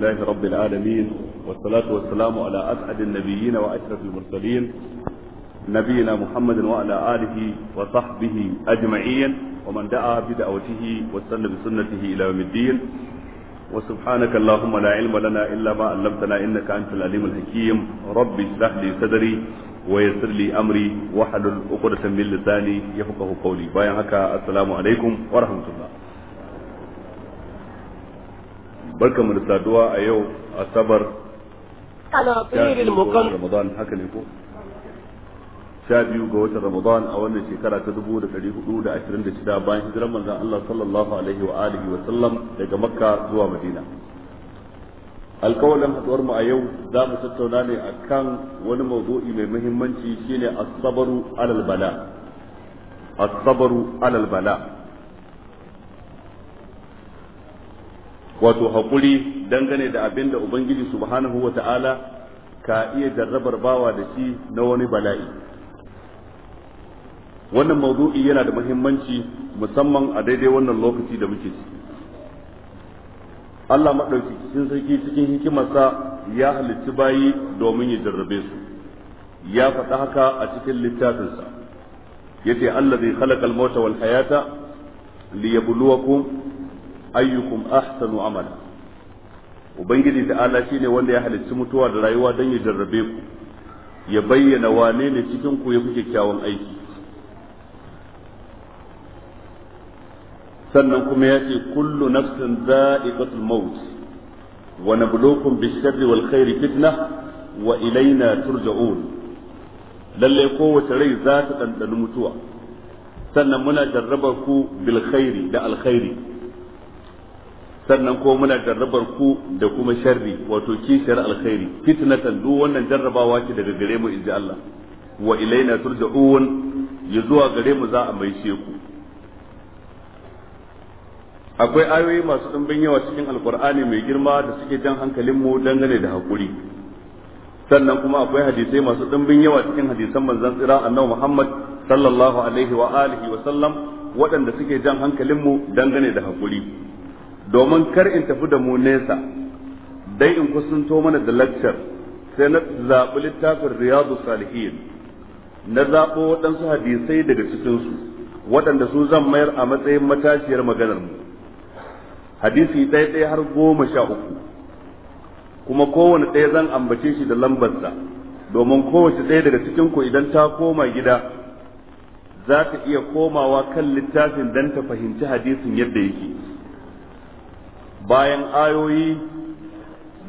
لله رب العالمين والصلاة والسلام على أسعد النبيين وأشرف المرسلين نبينا محمد وعلى آله وصحبه أجمعين ومن دعا بدعوته واستنى بسنته إلى يوم الدين وسبحانك اللهم لا علم لنا إلا ما علمتنا إنك أنت العليم الحكيم رب اشرح لي صدري ويسر لي أمري واحلل عقدة من لساني يفقه قولي بايعك السلام عليكم ورحمة الله barka mu da saduwa a yau asabar Ramadan haka ne ko sha biyu ga watan Ramadan a wannan shekara ta dubu da ɗari hudu da ashirin da shida bayan hijirar manzon Allah sallallahu alaihi wa alihi wa sallam daga Makka zuwa Madina alkawalin haduwar mu a yau za mu tattauna ne akan wani mawdu'i mai muhimmanci shine as-sabru alal bala as-sabru alal bala wato haƙuri dangane da abin da ubangiji subhanahu wa ta'ala ka iya jarrabar bawa da shi na wani bala'i wannan mawdu'i yana da muhimmanci musamman a daidai wannan lokaci da muke ciki Allah maɗauki cikin sarki cikin hikimarsa ya halicci bayi domin ya jarrabe su ya faɗa haka a cikin littafinsa yace allazi khalaqal mauta wal hayata liyabluwakum ayyukum ahsanu amala ubangiji ta'ala shine wanda ya halicci mutuwa da rayuwa don ya jarrabe ku ya bayyana wane ne cikin ku ya fi kyakkyawan aiki sannan kuma ya ce kullu nafsin za'iqatul maut wa nabluukum bishiyar sharri wal khairi fitnah wa ilayna turja'un lalle kowace rai za ta ɗanɗani mutuwa sannan muna jarraba ku bil khairi da alkhairi sannan ko muna jarrabar ku da kuma sharri wato kishiyar alkhairi fitnatan duk wannan jarrabawa ce daga gare mu inji Allah wa ilaina turja'un ya zuwa gare mu za a maishe ku akwai ayoyi masu ɗumbin yawa cikin alkur'ani mai girma da suke jan hankalin mu dangane da hakuri sannan kuma akwai hadisai masu ɗumbin yawa cikin hadisan manzon tsira annabi Muhammad sallallahu alaihi wa alihi wa sallam waɗanda suke jan hankalin mu dangane da hakuri domin kar in tafi da mu nesa dai in kusanto mana da lakcar sai na zaɓi littafin riyadu salihin na zaɓo waɗansu hadisai daga cikinsu waɗanda su zan mayar a matsayin matashiyar maganar mu hadisi ɗaya ɗaya har goma sha uku kuma kowane ɗaya zan ambace shi da lambarsa domin kowace ɗaya daga cikin ku idan ta koma gida za ta iya komawa kan littafin don ta fahimci hadisin yadda yake bayan ayoyi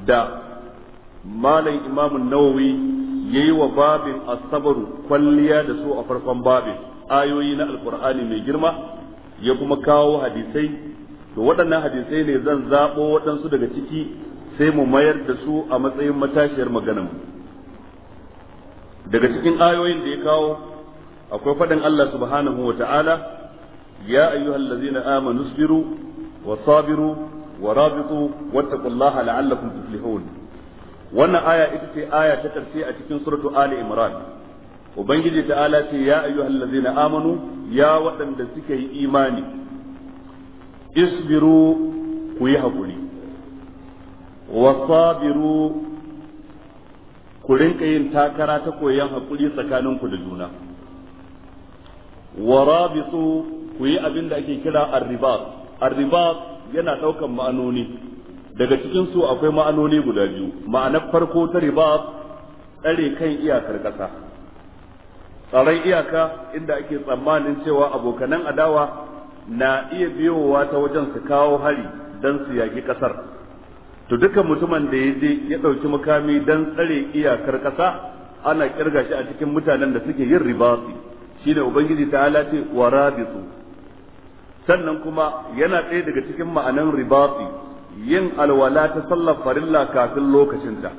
da malam imamun nawawi ya yi wa babin asabaru kwalliya da su a farkon babin ayoyi na alkur'ani mai girma ya kuma kawo hadisai to waɗannan hadisai ne zan zaɓo waɗansu daga ciki sai mu mayar da su a matsayin matashiyar mu. daga cikin ayoyin da ya kawo akwai faɗin Allah subhanahu wa ta'ala ya ayyuhallazina amanu sabiru wa sabiru ورابطوا واتقوا الله لعلكم تفلحون wannan aya ita ce aya ta karshe a cikin suratu ali imran ubangiji ta'ala ce ya ayyuhallazina amanu ya waɗanda suka yi imani isbiru ku yi haƙuri wasabiru ku rinka yin takara ta koyon haƙuri tsakaninku da juna Warabitsu ku yi abin da ake kira Arriba. arribat yana ɗaukan ma'anoni daga cikin su akwai ma'anoni guda biyu ma'anar farko ta riba tsare kan iyakar ƙasa tsaron iyaka inda ake tsammanin cewa abokanan adawa na iya biyowa ta wajen su kawo hari don su yaƙi ƙasar to duka mutumin da ya je ya ɗauki mukami don tsare iyakar ƙasa ana kirga shi a cikin mutanen da suke yin ribasi shine ubangiji ta halace wa rabisu sannan kuma yana ɗaya daga cikin ma'anan ribafi yin alwala ta sallar farilla kafin lokacinta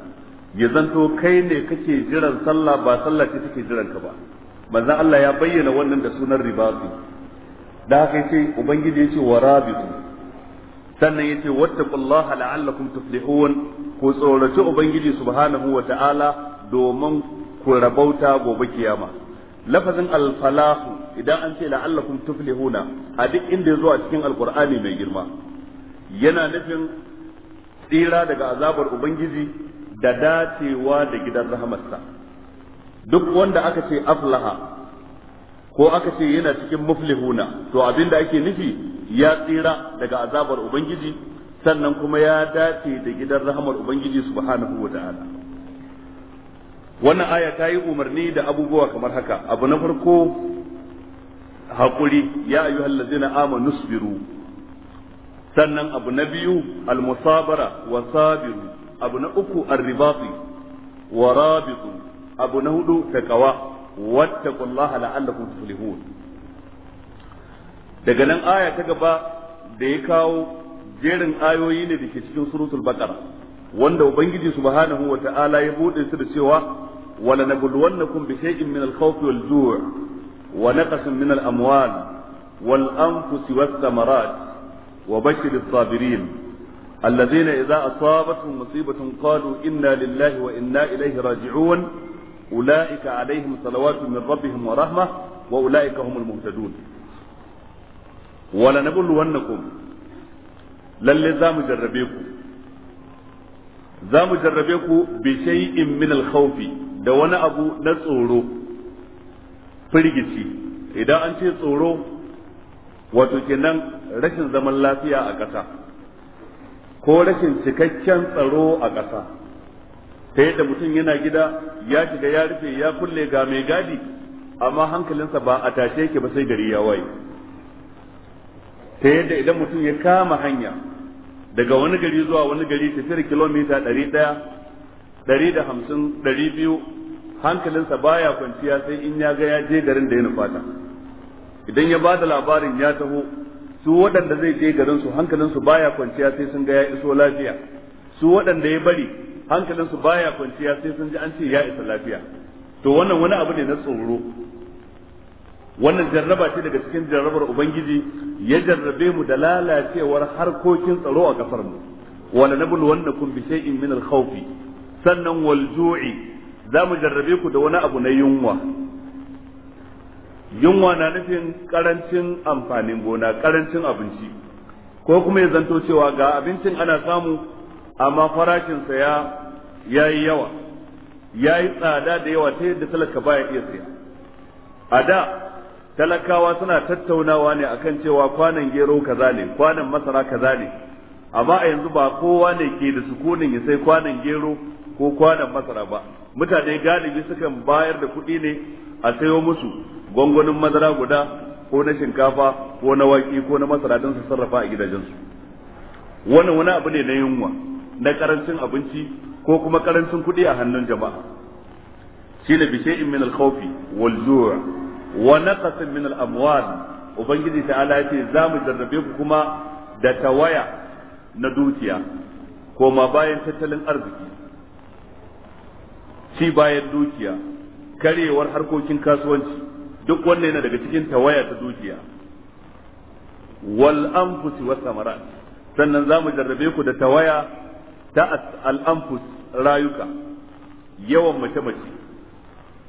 ya zanto kai ne kake jiran sallah ba sallah ce take jiran ka ba manzon Allah ya bayyana wannan da sunan ribafi. da haka yace ubangiji yace warabitu sannan yace wattaqullaha la'allakum tuflihun ku tsoraci ubangiji subhanahu wa ta'ala domin ku rabauta gobe kiyama lafazin alfalahu idan an ce la'allakum tuflihuna a duk inda ya zo a cikin alkur'ani mai girma yana nufin tsira daga azabar ubangiji da dacewa da gidan rahamarsa duk wanda aka ce aflaha ko aka ce yana cikin muflihuna to abin da ake nufi ya tsira daga azabar ubangiji sannan kuma ya dace da gidan rahamar ubangiji subhanahu wa ta'ala wannan aya ta yi umarni da abubuwa kamar haka abu na farko Haƙuri ya ayu hallazina amanu sabiru sannan abu na biyu almusabara wa sabiru abu na uku arribati wa rabitu abu na hudu taqwa wattaqullaha la'allakum tuflihun daga nan aya ta gaba da ya kawo jerin ayoyi ne da ke cikin suratul baqara wanda ubangiji subhanahu wata'ala ya bude su da cewa wala nabluwannakum bi shay'in min al-khawfi wal-ju' ونقص من الأموال والأنفس والثمرات وبشر الصابرين الذين إذا أصابتهم مصيبة قالوا إنا لله وإنا إليه راجعون أولئك عليهم صلوات من ربهم ورحمة وأولئك هم المهتدون ولنبلونكم للي za mu jarrabe ku بشيء من الخوف ku bi أبو min firgici idan an ce tsoro wato kenan rashin zaman lafiya a ƙasa ko rashin cikakken tsaro a ƙasa ta yadda mutum yana gida ya shiga ya rufe ya kulle ga mai gadi amma hankalinsa ba a tashe yake ba sai gari ya waye ta yadda idan mutum ya kama hanya daga wani gari zuwa wani gari tafiyar kilomita ɗari ɗaya ɗari da hamsin ɗari biyu hankalinsa baya kwanciya sai in ya ga ya je garin da ya nufata idan ya bada labarin ya taho su waɗanda zai je garin su hankalinsu baya kwanciya sai sun ga ya iso lafiya su waɗanda ya bari hankalinsu baya kwanciya sai sun ji an ce ya isa lafiya to wannan wani abu ne na tsoro wannan jarraba ce daga cikin jarrabar ubangiji ya jarrabe mu da lalacewar harkokin tsaro a kasar mu wa nabul wannakum bi shay'in min al-khawfi sannan wal ju'i za mu jarrabe ku da wani abu na yunwa yunwa na nufin karancin amfanin gona karancin abinci ko kuma ya zanto cewa ga abincin ana samu amma farashinsa ya ya yi yawa ya yi tsada da yawa ta yadda talaka baya iya saya a da talakawa suna tattaunawa ne akan cewa kwanan gero kaza ne kwanan masara kaza ne amma a yanzu ba kowa ne ke da sukunin ya sai kwanan gero ko kwanan masara ba mutane galibi sukan bayar da kuɗi ne a sayo musu gwangwanin madara guda ko na shinkafa ko na waki ko na masara don su sarrafa a gidajensu wannan wani abu ne na yunwa na karancin abinci ko kuma karancin kuɗi a hannun jama'a shine bishe in min al wal ju' wa naqsin min al-amwal ubangiji ta'ala yace zamu jarrabe ku kuma da tawaya na dukiya koma bayan tattalin arziki ci bayan dukiya karewar harkokin kasuwanci duk wannan yana daga cikin tawaya ta dukiya wal anfus wa samarat sannan zamu jarrabe ku da tawaya ta al anfus rayuka yawan mace mace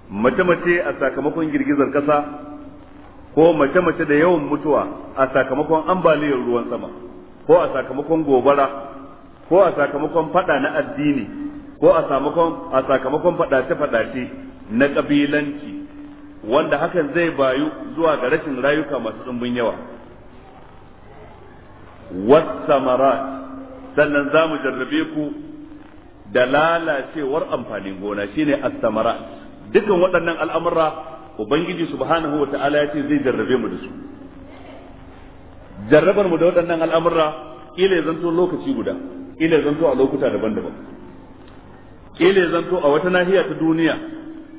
mace mace a sakamakon girgizar kasa ko mace mace da yawan mutuwa a sakamakon ambaliyar ruwan sama ko a sakamakon gobara ko a sakamakon fada na addini ko a samakon a sakamakon fadace-fadace na kabilanci wanda hakan zai bayu zuwa ga rashin rayuka masu ɗumbin yawa wasamarat sannan za mu jarrabe ku da lalacewar amfanin gona shine as-samarat dukan waɗannan al'amura ubangiji subhanahu wa ta'ala ya ce zai jarrabe mu da su jarrabar mu da waɗannan al'amura ila zanto lokaci guda ila zanto a lokuta daban-daban kile zanto a wata nahiya ta duniya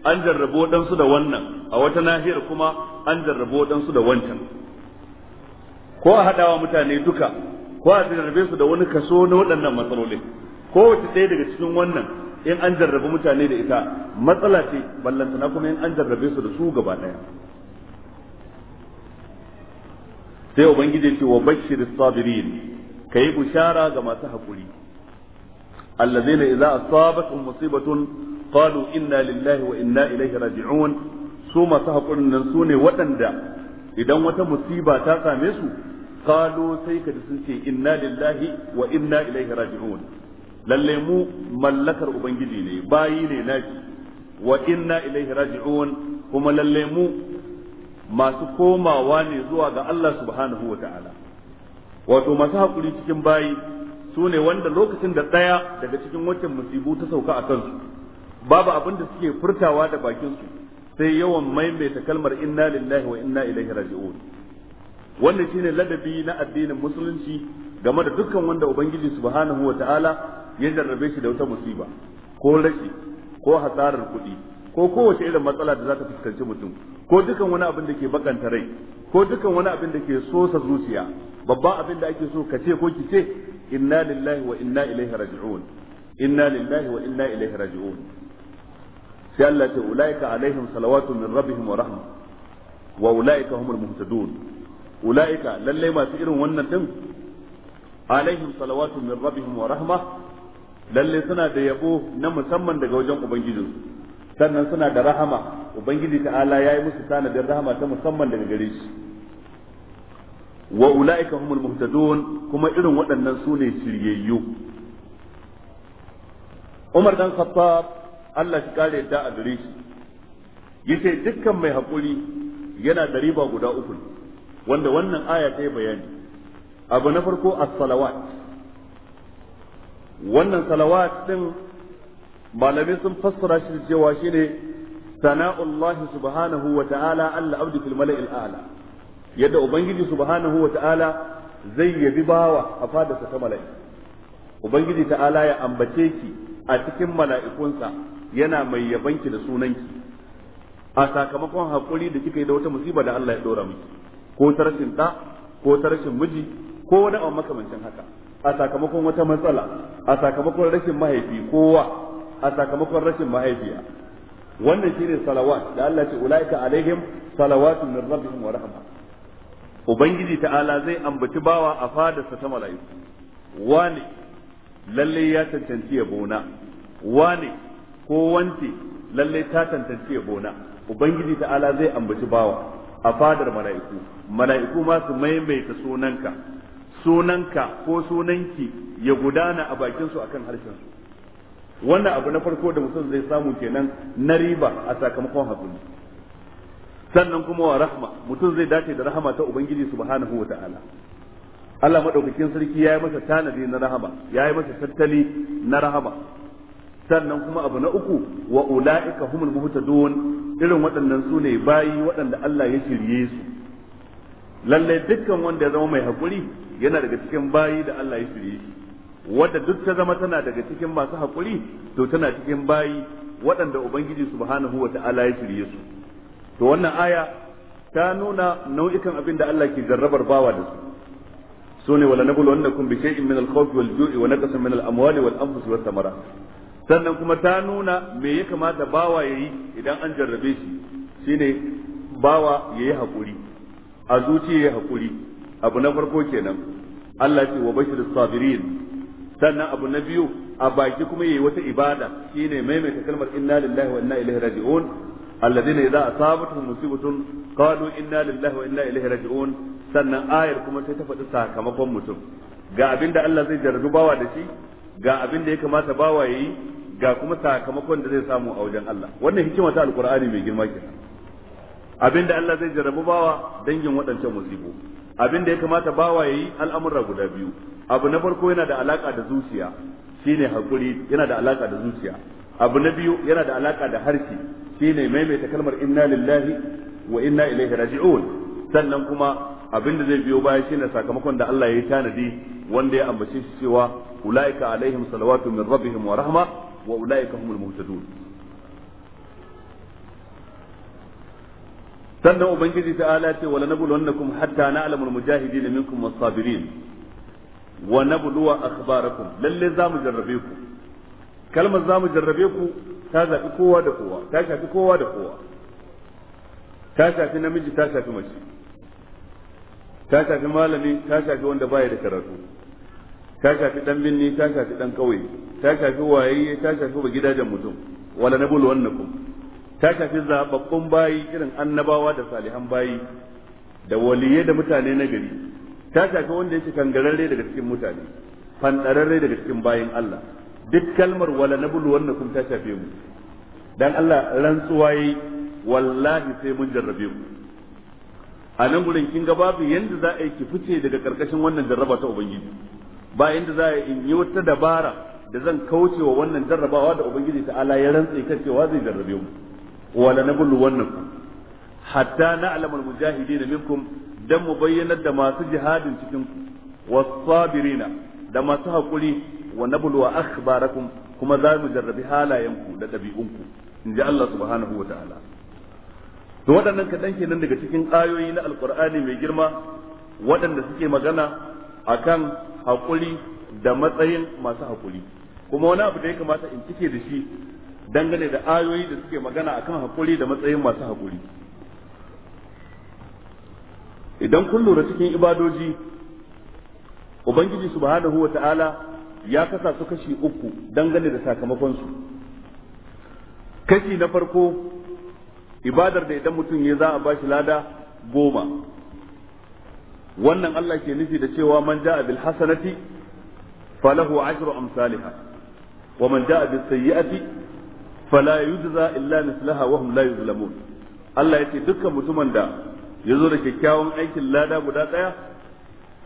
an jarrabo waɗansu da wannan a wata nahiyar kuma an jarrabo waɗansu da wancan ko a haɗawa mutane duka ko a jarrabe su da wani kaso na waɗannan matsalolin kowace ɗaya daga cikin wannan in an jarrabe mutane da ita matsala ce ballantana kuma in an jarrabe su da su gaba ɗaya sai ubangiji ce wa bashir sabirin kai bushara ga masu haƙuri الذين إذا أصابتهم مصيبة قالوا إنا لله وإنا إليه راجعون ثم سهقوا ننسون وتندع إذا مت مصيبة تاسامس قالوا سيك تسنتي إنا لله وإنا إليه راجعون lalle mu mallakar ubangiji ne bayi ne nashi wa inna ilaihi raji'un kuma lalle mu masu komawa ne zuwa ga Allah subhanahu wa ta'ala wato masu hakuri cikin bayi su ne wanda lokacin da ɗaya daga cikin wancan musibu ta sauka a kansu babu abin da suke furtawa da bakinsu sai yawan maimaita kalmar inna lillahi wa inna ilaihi raji'un wannan shine ladabi na addinin musulunci game da dukkan wanda ubangiji subhanahu wataala ya jarrabe shi da wata musiba ko rashi ko hasarar kuɗi ko kowace irin matsala da za fuskanci mutum ko dukan wani abin da ke bakanta rai ko dukan wani abin da ke sosa zuciya babban abin da ake so ka ce ko ki ce inna lillahi wa inna ilaihi raji'un inna lillahi wa inna ilaihi raji'un sai Allah ta ulaika alaihim salawatu min rabbihim wa rahma wa ulaika humul muhtadun ulaika lalle masu irin wannan din alaihim salawatu min rabbihim wa rahma lalle suna da yabo na musamman daga wajen ubangijinsu sannan suna da rahama ubangiji ta'ala yi musu tanadin rahama ta musamman daga gare shi wa ulaika humul muhtadun kuma irin waɗannan su ne shiryayyu Umar dan Khattab Allah shi kare da a gare shi yace dukkan mai hakuri yana da riba guda uku wanda wannan aya ta yi bayani abu na farko as-salawat wannan salawat din malamai sun fassara shi cewa shine sana'ullahi subhanahu wa ta'ala Allah abdi fil mala'il a'la yadda ubangiji subhanahu wa ta'ala zai yabi bawa a fadarsa ta mala'i ubangiji ta'ala ya ambace ki a cikin mala'ikunsa yana mai yabanki da sunanki a sakamakon hakuri da kika yi da wata musiba da Allah ya dora miki ko ta rashin da ko ta rashin miji ko wani abu makamancin haka a sakamakon wata matsala a sakamakon rashin mahaifi kowa a sakamakon rashin mahaifiya wannan shine salawat da Allah ce ulaika alaihim salawatun min rabbihim wa rahmah ubangiji ta'ala zai ambaci bawa a fadarsa ta mala'iku wane lalle ya cancanci yabona wane ko wance lalle ta cancanci bona. ubangiji ta'ala zai ambaci bawa a fadar mala'iku mala'iku masu maimaita sunanka sunanka ko sunanki ya gudana a bakinsu akan harshen su wannan abu na farko da mutum zai samu kenan na riba a sakamakon hakuri sannan kuma wa rahma mutum zai dace da rahama ta ubangiji subhanahu wa ta'ala Allah madaukakin sarki yayi masa tanadi na rahama yayi masa tattali na rahama sannan kuma abu na uku wa ulaika humul muhtadun irin waɗannan su ne bayi waɗanda Allah ya shirye su lallai dukkan wanda ya zama mai hakuri yana daga cikin bayi da Allah ya shirye shi wadda duk ta zama tana daga cikin masu hakuri to tana cikin bayi waɗanda ubangiji subhanahu wa ya shirye su to wannan aya ta nuna nau'ikan abin da Allah ke jarrabar bawa da su ne wala nabulu kun bi shay'in min al-khawf wal ju'i wa naqsan min al-amwali wal anfusi wat thamarat sannan kuma ta nuna me ya kamata bawa yayi idan an jarrabe shi shine bawa yayi hakuri a zuciya yayi hakuri abu na farko kenan Allah ce wa bashirus sabirin sannan abu na biyu a baki kuma yayi wata ibada shine maimaita kalmar inna lillahi wa inna ilaihi raji'un alladhina idza asabatuhum musibatun qalu inna lillahi wa inna ilaihi raji'un sannan ayar kuma sai ta faɗi sakamakon mutum ga abin da Allah zai jarrabu bawa da shi ga abin da ya kamata bawa yayi ga kuma sakamakon da zai samu a wajen Allah wannan hikima ta alqur'ani mai girma kenan abin da Allah zai jarrabu bawa dangin waɗancan musibu abin da ya kamata bawa yayi al'amura guda biyu abu na farko yana da alaka da zuciya shine hakuri yana da alaka da zuciya abu na biyu yana da alaka da harshe shine maimaita kalmar inna lillahi wa inna ilaihi raji'un sannan kuma abin da zai biyo baya shine sakamakon da Allah ya yi tanadi wanda ya ambace shi cewa ulaika alaihim salawatu min rabbihim wa rahma wa ulaika humul muhtadun sannan ubangiji ta ala ce wala nabluwannakum hatta na'lamul mujahidin minkum was-sabirin wa nabluwa akhbarakum lalle zamu jarrabe ku kalmar za mu jarrabe ku ta zaɓi kowa da kowa ta shafi kowa da kowa ta shafi namiji ta shafi mace ta shafi malami ta shafi wanda baya da karatu ta shafi dan binni ta shafi dan kauye ta shafi wayayye ta shafi ba gidajen mutum wala na wannan wannakum ta shafi zababbun bayi irin annabawa da salihan bayi da waliye da mutane na gari ta shafi wanda yake kangararre daga cikin mutane fandararre daga cikin bayin Allah duk kalmar wala nabulu wannakum ta shafe mu dan Allah rantsuwa yi wallahi sai mun jarrabe ku a nan gurin kin ga babu yanda za a yi ki fice daga karkashin wannan jarraba ta ubangiji ba yanda za a yi wata dabara da zan kauce wa wannan jarrabawa da ubangiji ta ala ya rantsa ita cewa zai jarrabe mu wala nabulu wannakum hatta na'lamul mujahidin minkum dan mu bayyanar da masu jihadin cikin ku wasabirina da masu hakuri wa nabluwa akhbarakum kuma za mu jarrabi halayenku da ɗabi'un in ji Allah subhanahu wa ta'ala to waɗannan kaɗan kenan daga cikin ayoyi na alkur'ani mai girma waɗanda suke magana akan haƙuri da matsayin masu haƙuri kuma wani abu da ya kamata in cike da shi dangane da ayoyi da suke magana akan haƙuri da matsayin masu haƙuri idan kun lura cikin ibadoji ubangiji subhanahu wa ta'ala ya kasa su kashi uku dangane da sakamakonsu. kashi na farko ibadar da idan mutum ya za a bashi lada goma wannan Allah ke nufi da cewa man ja'a bil hasanati falahu ashru amsalha wa man ja'a bis sayyi'ati fala yujza illa mislaha wa hum la yuzlamun Allah yace dukkan mutumin da yazo da kyakkyawan aikin lada guda daya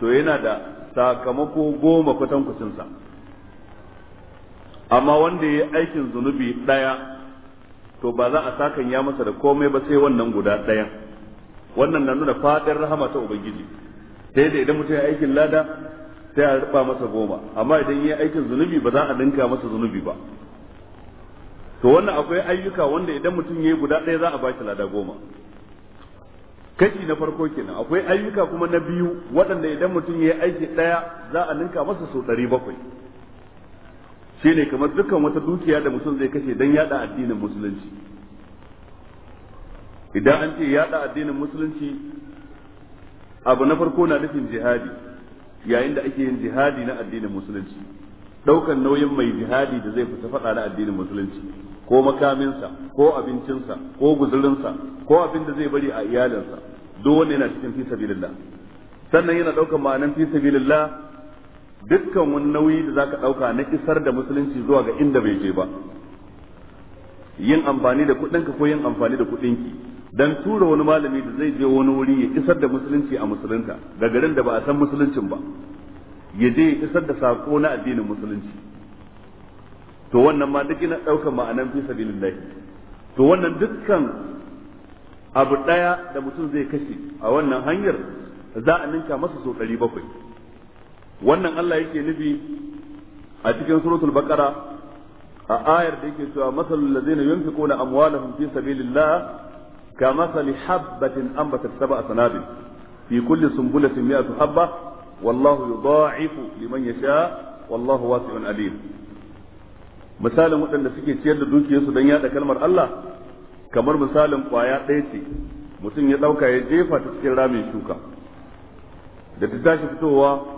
to yana da sakamako goma kwatankwacin sa amma wanda ya aikin zunubi ɗaya to ba za a sakan ya masa da komai ba sai wannan guda ɗaya wannan na nuna faɗin rahama ta ubangiji sai da idan mutum ya aikin lada sai a rufa masa goma amma idan ya aikin zunubi ba za a dinka masa zunubi ba to wannan akwai ayyuka wanda idan mutum ya yi guda ɗaya za a ba shi lada goma kashi na farko kenan akwai ayyuka kuma na biyu waɗanda idan mutum ya yi aiki ɗaya za a ninka masa sau ɗari bakwai ne kamar dukkan wata dukiya da mutum zai kashe don yada addinin musulunci idan an ce yada addinin musulunci abu na farko na nufin jihadi yayin da ake yin jihadi na addinin musulunci daukan nauyin mai jihadi da zai fita faɗa na addinin musulunci ko makaminsa ko abincinsa ko guzurinsa ko abin da zai bari a iyalinsa duk wanda yana cikin fi sabilillah sannan yana daukan ma'anan fi sabilillah dukkan wani nauyi da zaka dauka na isar da musulunci zuwa ga inda bai je ba yin amfani da kuɗinka ko yin amfani da kuɗinki dan tura wani malami da zai je wani wuri ya isar da musulunci a musulunta ga garin da ba a san musuluncin ba ya je ya isar da sako na addinin musulunci to wannan ma duk ina daukan ma'anan fi sabilillah to wannan dukkan abu daya da mutum zai kashe a wannan hanyar za a ninka masa so 700 wannan Allah yake nufi a cikin suratul baqara a ayar da yake cewa masalul ladzina yunfiquna amwalahum fi sabilillah kamathali habatin anbatat sab'a sanabil fi kulli sunbulatin mi'atu habba wallahu yudha'ifu liman yasha wallahu wasi'un alim misalin waɗanda suke ciyar da dukiyarsu don yaɗa kalmar Allah kamar misalin ƙwaya ɗaya ce mutum ya ɗauka ya jefa ta cikin ramin shuka da ta tashi fitowa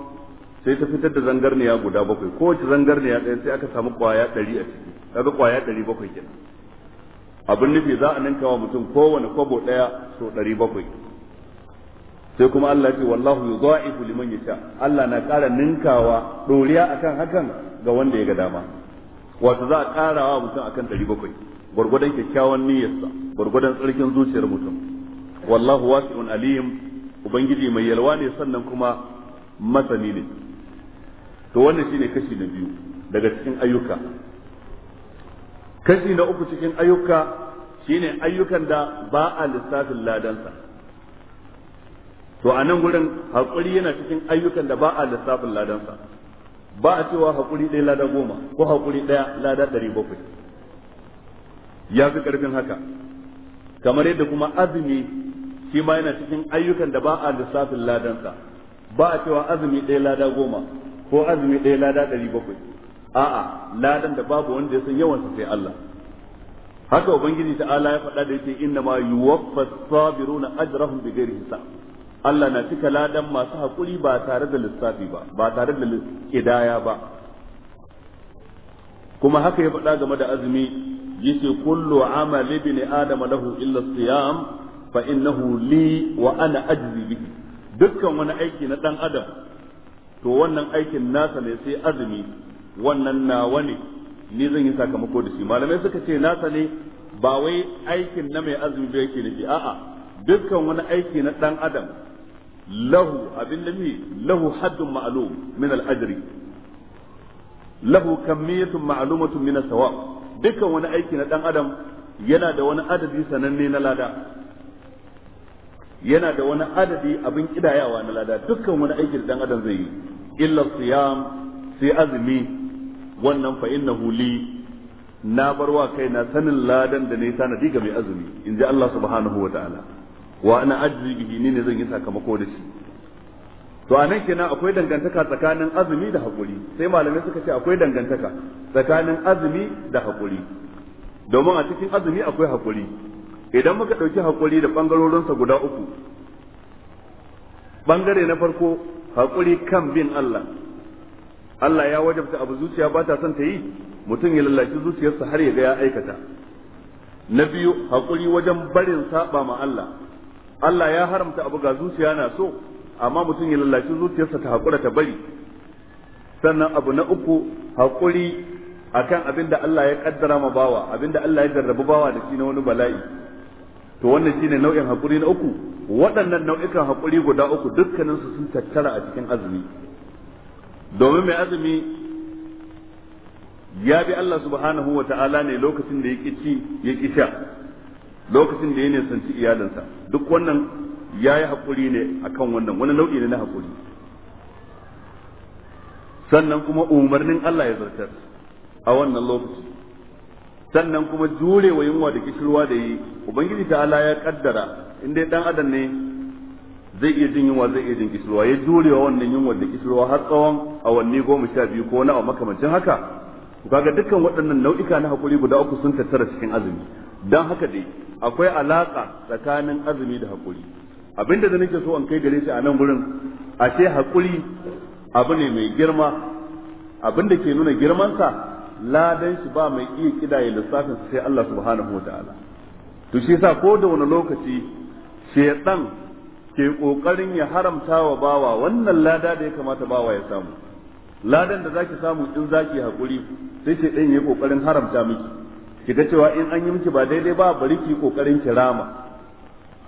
sai ta fitar da zangarniya guda bakwai kowace zangarniya ɗaya sai aka samu kwaya ɗari a ciki kaga kwaya ɗari bakwai kenan abin nufi za a ninka wa mutum kowane kwabo ɗaya so ɗari bakwai sai kuma Allah ce wallahu yudha'ifu liman sha Allah na ƙara ninkawa ɗoriya akan hakan ga wanda ya ga dama wato za a ƙara wa mutum akan ɗari bakwai gwargwadon kyakkyawan niyyarsa gwargwadon tsarkin zuciyar mutum wallahu wasi'un alim ubangiji mai yalwa ne sannan kuma masani ne to wannan shine kashi na biyu daga cikin ayyuka kashi na uku cikin ayyuka shine ayyukan da ba a lissafin ladansa to a nan gurin haƙuri yana cikin ayyukan da ba a lissafin ladansa ba a cewa haƙuri ɗaya lada goma ko haƙuri ɗaya lada ɗari bakwai ya fi ƙarfin haka kamar yadda kuma azumi shi ma yana cikin ayyukan da ba a lissafin ladansa ba a cewa azumi ɗaya lada goma ko azumi ɗaya lada ɗari bakwai a'a ladan da babu wanda ya san yawansa sai Allah haka ubangiji ta ta'ala ya faɗa da yake inna ma yuwaffa sabiruna ajrahum bighairi hisab Allah na cika ladan masu hakuri ba tare da lissafi ba ba tare da kidaya ba kuma haka ya faɗa game da azumi yace kullu amali bin adam lahu illa siyam fa innahu li wa ana ajzi bihi dukkan wani aiki na dan adam to wannan aikin nasa ne sai azumi wannan nawa ne ni zan yi sakamako da shi malamai suka ce nasa ne ba wai aikin na mai azumi ba yake nufi a'a dukkan wani aiki na dan adam lahu abin da lahu haddun ma'lum min al-ajri lahu kamiyatun ma'lumatun min as-sawab dukkan wani aiki na dan adam yana da wani adadi sananne na lada yana da wani adadi abin kidayawa na lada dukkan wani aikin dan adam zai yi illa siyam sai azumi wannan fa innahu li na barwa kai na sanin ladan da ne tanadi ga mai azumi in ji Allah subhanahu wa ta'ala wa ana ajri bihi ni ne zan yi sakamako da shi to a nan kenan akwai dangantaka tsakanin azumi da hakuri sai malamai suka ce akwai dangantaka tsakanin azumi da hakuri domin a cikin azumi akwai hakuri idan muka ɗauki haƙuri da ɓangarorinsa guda uku ɓangare na farko haƙuri kan bin Allah Allah ya wajabta abu zuciya ba ta son ta yi mutum ya lallaci zuciyarsa har ya ga ya aikata na biyu haƙuri wajen barin saɓa ma Allah Allah ya haramta abu ga zuciya na so amma mutum ya lallaci zuciyarsa ta haƙura ta bari sannan abu na uku haƙuri akan abin da Allah ya kaddara ma bawa abin da Allah ya jarrabu bawa da shi na wani bala'i to wannan shine nau'in hakuri na uku waɗannan nau'ikan hakuri guda uku dukkanin su sun tattara a cikin azumi domin mai azumi ya bi Allah subhanahu wa ta'ala ne lokacin da yake ci yake sha lokacin da ya nisanci iyalinsa duk wannan ya yi haƙuri ne akan wannan wani nau'i ne na haƙuri sannan kuma umarnin Allah ya zartar a wannan lokaci sannan kuma jure wa yunwa da kishirwa da yi ubangiji ta ala ya kaddara inda dan adam ne zai iya jin yunwa zai iya jin kishirwa ya jure wa wannan yunwa da kishirwa har tsawon awanni goma sha biyu ko na makamancin haka kaga dukkan waɗannan nau'ika na hakuri guda uku sun tattara cikin azumi dan haka dai akwai alaka tsakanin azumi da hakuri abinda da nake so an kai gare shi a nan wurin ashe hakuri abu ne mai girma abinda ke nuna girmansa ladan shi ba mai iya kidaye lissafin sai Allah subhanahu wa ta'ala to shi yasa ko da wani lokaci shaytan ke kokarin ya haramta wa bawa wannan lada da ya kamata bawa ya samu ladan da zaki samu in zaki hakuri sai shedan ya kokarin haramta miki ki cewa in an yi miki ba daidai ba bari ki kokarin kirama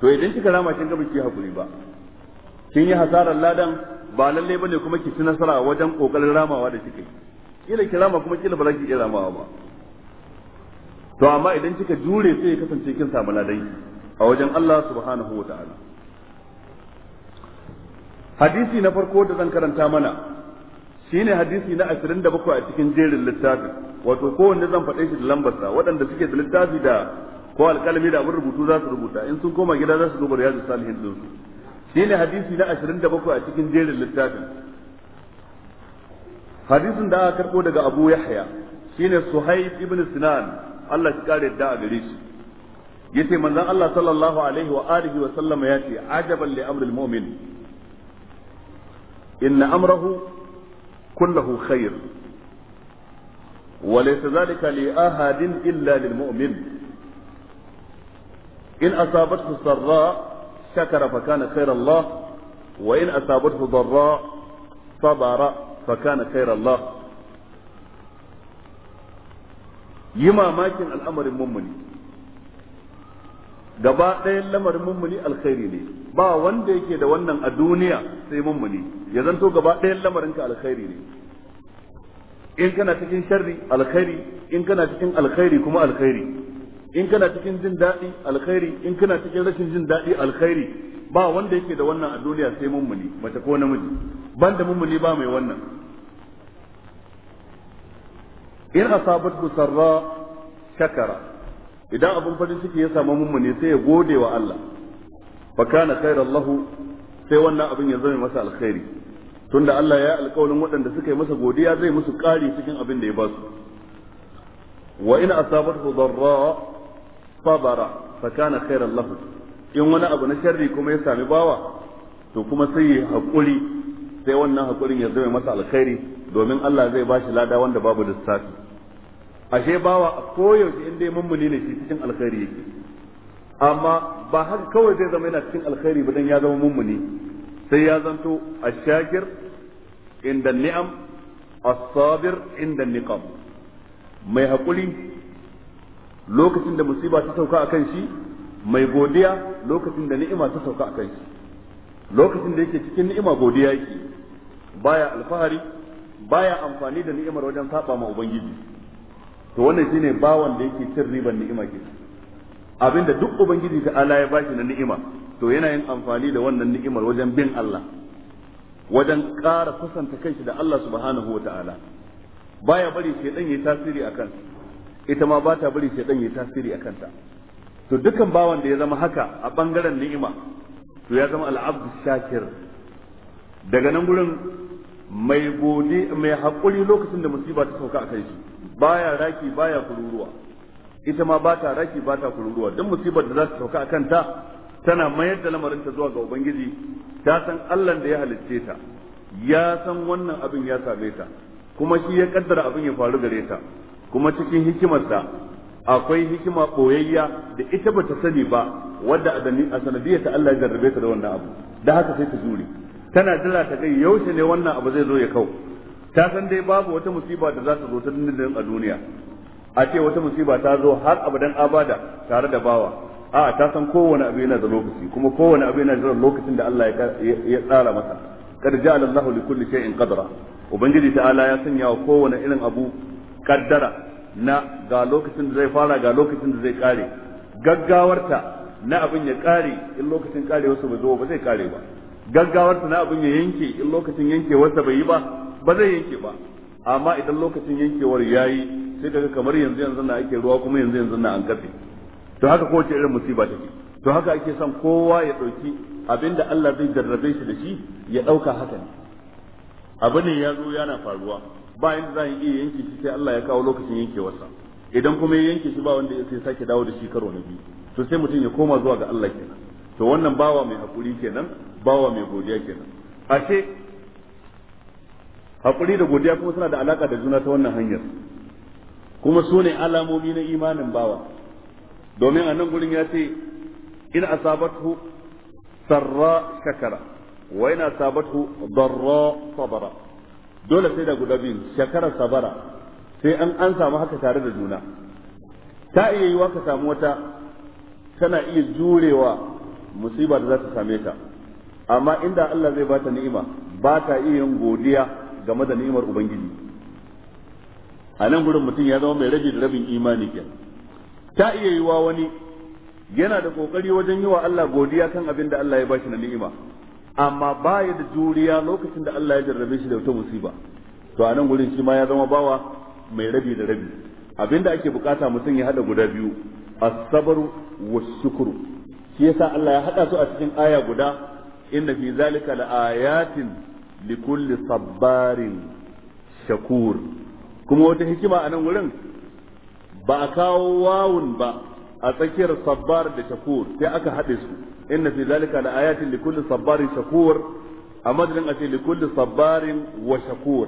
to idan kika rama kin ga miki hakuri ba kin yi hasarar ladan ba lalle bane kuma ki ci nasara wajen kokarin ramawa da kike kila kirama kuma kila ba za ki iya ba to amma idan kika jure sai ya kasance kin samu ladai a wajen Allah subhanahu wa ta'ala hadisi na farko da zan karanta mana shine hadisi na 27 a cikin jerin littafi wato kowanne zan faɗe shi da lambarsa waɗanda suke da littafi da ko alƙalami da abin rubutu za su rubuta in sun koma gida za su duba riyadu salihin ɗinsu shine hadisi na 27 a cikin jerin littafin hadisin da aka karbo daga Abu Yahya shine Suhaib ibn Sinan Allah ya kare da a gare shi yace manzon Allah sallallahu alaihi wa alihi wa sallama yace ajaban li amril mu'min in amrahu kulluhu khair wa laysa zalika وليس ذلك لأحد إلا للمؤمن إن أصابته سراء شكر فكان خير wa in asabathu darra sabara fakana khairar Allah yi mamakin al'amarin mummuni gaba ɗayan lamarin mummuni alkhairi ne ba wanda yake da wannan a duniya sai mummuni ya zanto gaba ɗayan lamarinka alkhairi ne in kana cikin sharri alkhairi in kana cikin alkhairi kuma alkhairi in kana cikin jin daɗi alkhairi in kana cikin rashin jin daɗi alkhairi ba wanda yake da wannan a duniya sai mummuni mace ko namiji da mummuni ba mai wannan in asabat sarra shakara idan abin farin ciki ya samu mummuni sai ya gode wa Allah fa kana khairan lahu sai wannan abin ya zama masa alkhairi tunda Allah ya alƙawarin waɗanda suka yi masa godiya zai musu ƙari cikin abin da ya ba su wa in asabat darra sabara fa kana khairan lahu in wani abu na sharri kuma ya sami bawa to kuma sai ya haƙuri sai wannan haƙurin ya zama masa alkhairi domin Allah zai ba shi lada wanda babu lissafi ashe bawa a koyaushe in dai mummuni ne shi cikin alkhairi yake amma ba haka kawai zai zama yana cikin alkhairi ba dan ya zama mummuni sai ya zanto ashakir inda ni'am as-sabir inda niqam mai hakuri lokacin da musiba ta sauka akan shi mai godiya lokacin da ni'ima ta sauka a kanki, lokacin da yake cikin ni'ima godiya yake baya alfahari baya amfani da ni'imar wajen saba ma ubangiji to wannan shine bawan da yake cin riban ni'ima ke abinda duk ubangiji ta ala ya bashi na ni'ima to yana yin amfani da wannan ni'imar wajen bin Allah wajen ƙara kusanta kanshi da Allah subhanahu wata'ala baya bari shedan yayi tasiri akan ita ma ba ta bari shedan yayi tasiri akan ta to dukan bawan da ya zama haka a bangaren ni'ima to ya zama al'abdu shakir daga nan gurin mai gode mai haƙuri lokacin da musiba ta sauka a kai shi baya raki baya kururuwa ita ma bata raki bata kururuwa duk musibar da za ta sauka a kanta tana mayar da lamarin ta zuwa ga ubangiji ta san Allah da ya halicce ta ya san wannan abin ya same ta kuma shi ya kaddara abin ya faru gare ta kuma cikin hikimarsa akwai hikima boyayya da ita ba ta sani ba wadda a sanadiyar ta Allah ya jarrabe ta da wannan abu da haka sai ta jure tana jira ta kai yaushe ne wannan abu zai zo ya kau ta san dai babu wata musiba da za ta zo ta dindindin a duniya a ce wata musiba ta zo har abadan abada tare da bawa a ta san kowane abu yana da lokaci kuma kowane abu yana da lokacin da Allah ya tsara masa kada ja'ala Allahu li shay'in qadra ubangiji ta'ala ya sanya wa kowane irin abu kaddara na ga lokacin da zai fara ga lokacin da zai kare gaggawarta na abin ya kare in lokacin wasu bai zo ba zai kare ba gaggawarta na abin ya yanke in lokacin yankewarsa bai yi ba ba zai yanke ba amma idan lokacin yankewar ya yi sai daga kamar yanzu yanzu na ake ruwa kuma yanzu yanzu na an kafe to haka kowace irin musiba take to haka ake son kowa ya ɗauki abinda Allah zai jarrabe shi da shi ya ɗauka haka ne abu ne ya zo yana faruwa ba inda za a iya yanke shi sai Allah ya kawo lokacin yankewarsa idan kuma ya yanke shi ba wanda sai sake dawo da shi karo na biyu to sai mutum ya koma zuwa ga Allah kenan to wannan bawa mai hakuri kenan bawa mai godiya kenan ashe hakuri da godiya kuma suna da alaka da juna ta wannan hanyar kuma su ne alamomi na imanin bawa domin a nan gurin ya ce in asabatu sarra shakara wa in asabatu darra sabara dole sai da guda biyu shekarar sabara sai an an samu haka tare da juna ta iya yi ka samu wata tana iya jurewa musiba da za ta same ta amma inda Allah zai bata ni'ima ba ta iya yin godiya game da ni'imar ubangiji a nan gurin mutum ya zama mai rabi da rabin imani ke ta iya yi wa wani yana da kokari wajen yi wa Allah godiya kan abin da Allah ya bashi na ni'ima amma ba ya da juriya lokacin da Allah ya jarrabe shi da wata musiba to a nan gurin shi ma ya zama bawa mai rabi da rabi abinda ake bukata mutum ya hada guda biyu as-sabru was shukru shi yasa Allah ya hada su a cikin aya guda inna fi zalika laayatin likulli sabbarin shakur kuma wata hikima a nan gurin ba a kawo wawun ba a tsakiyar sabbar da shakur sai aka haɗe su inna fi zalika la ayatin li kulli sabarin shakur a madadin a ce li kulli sabarin wa shakur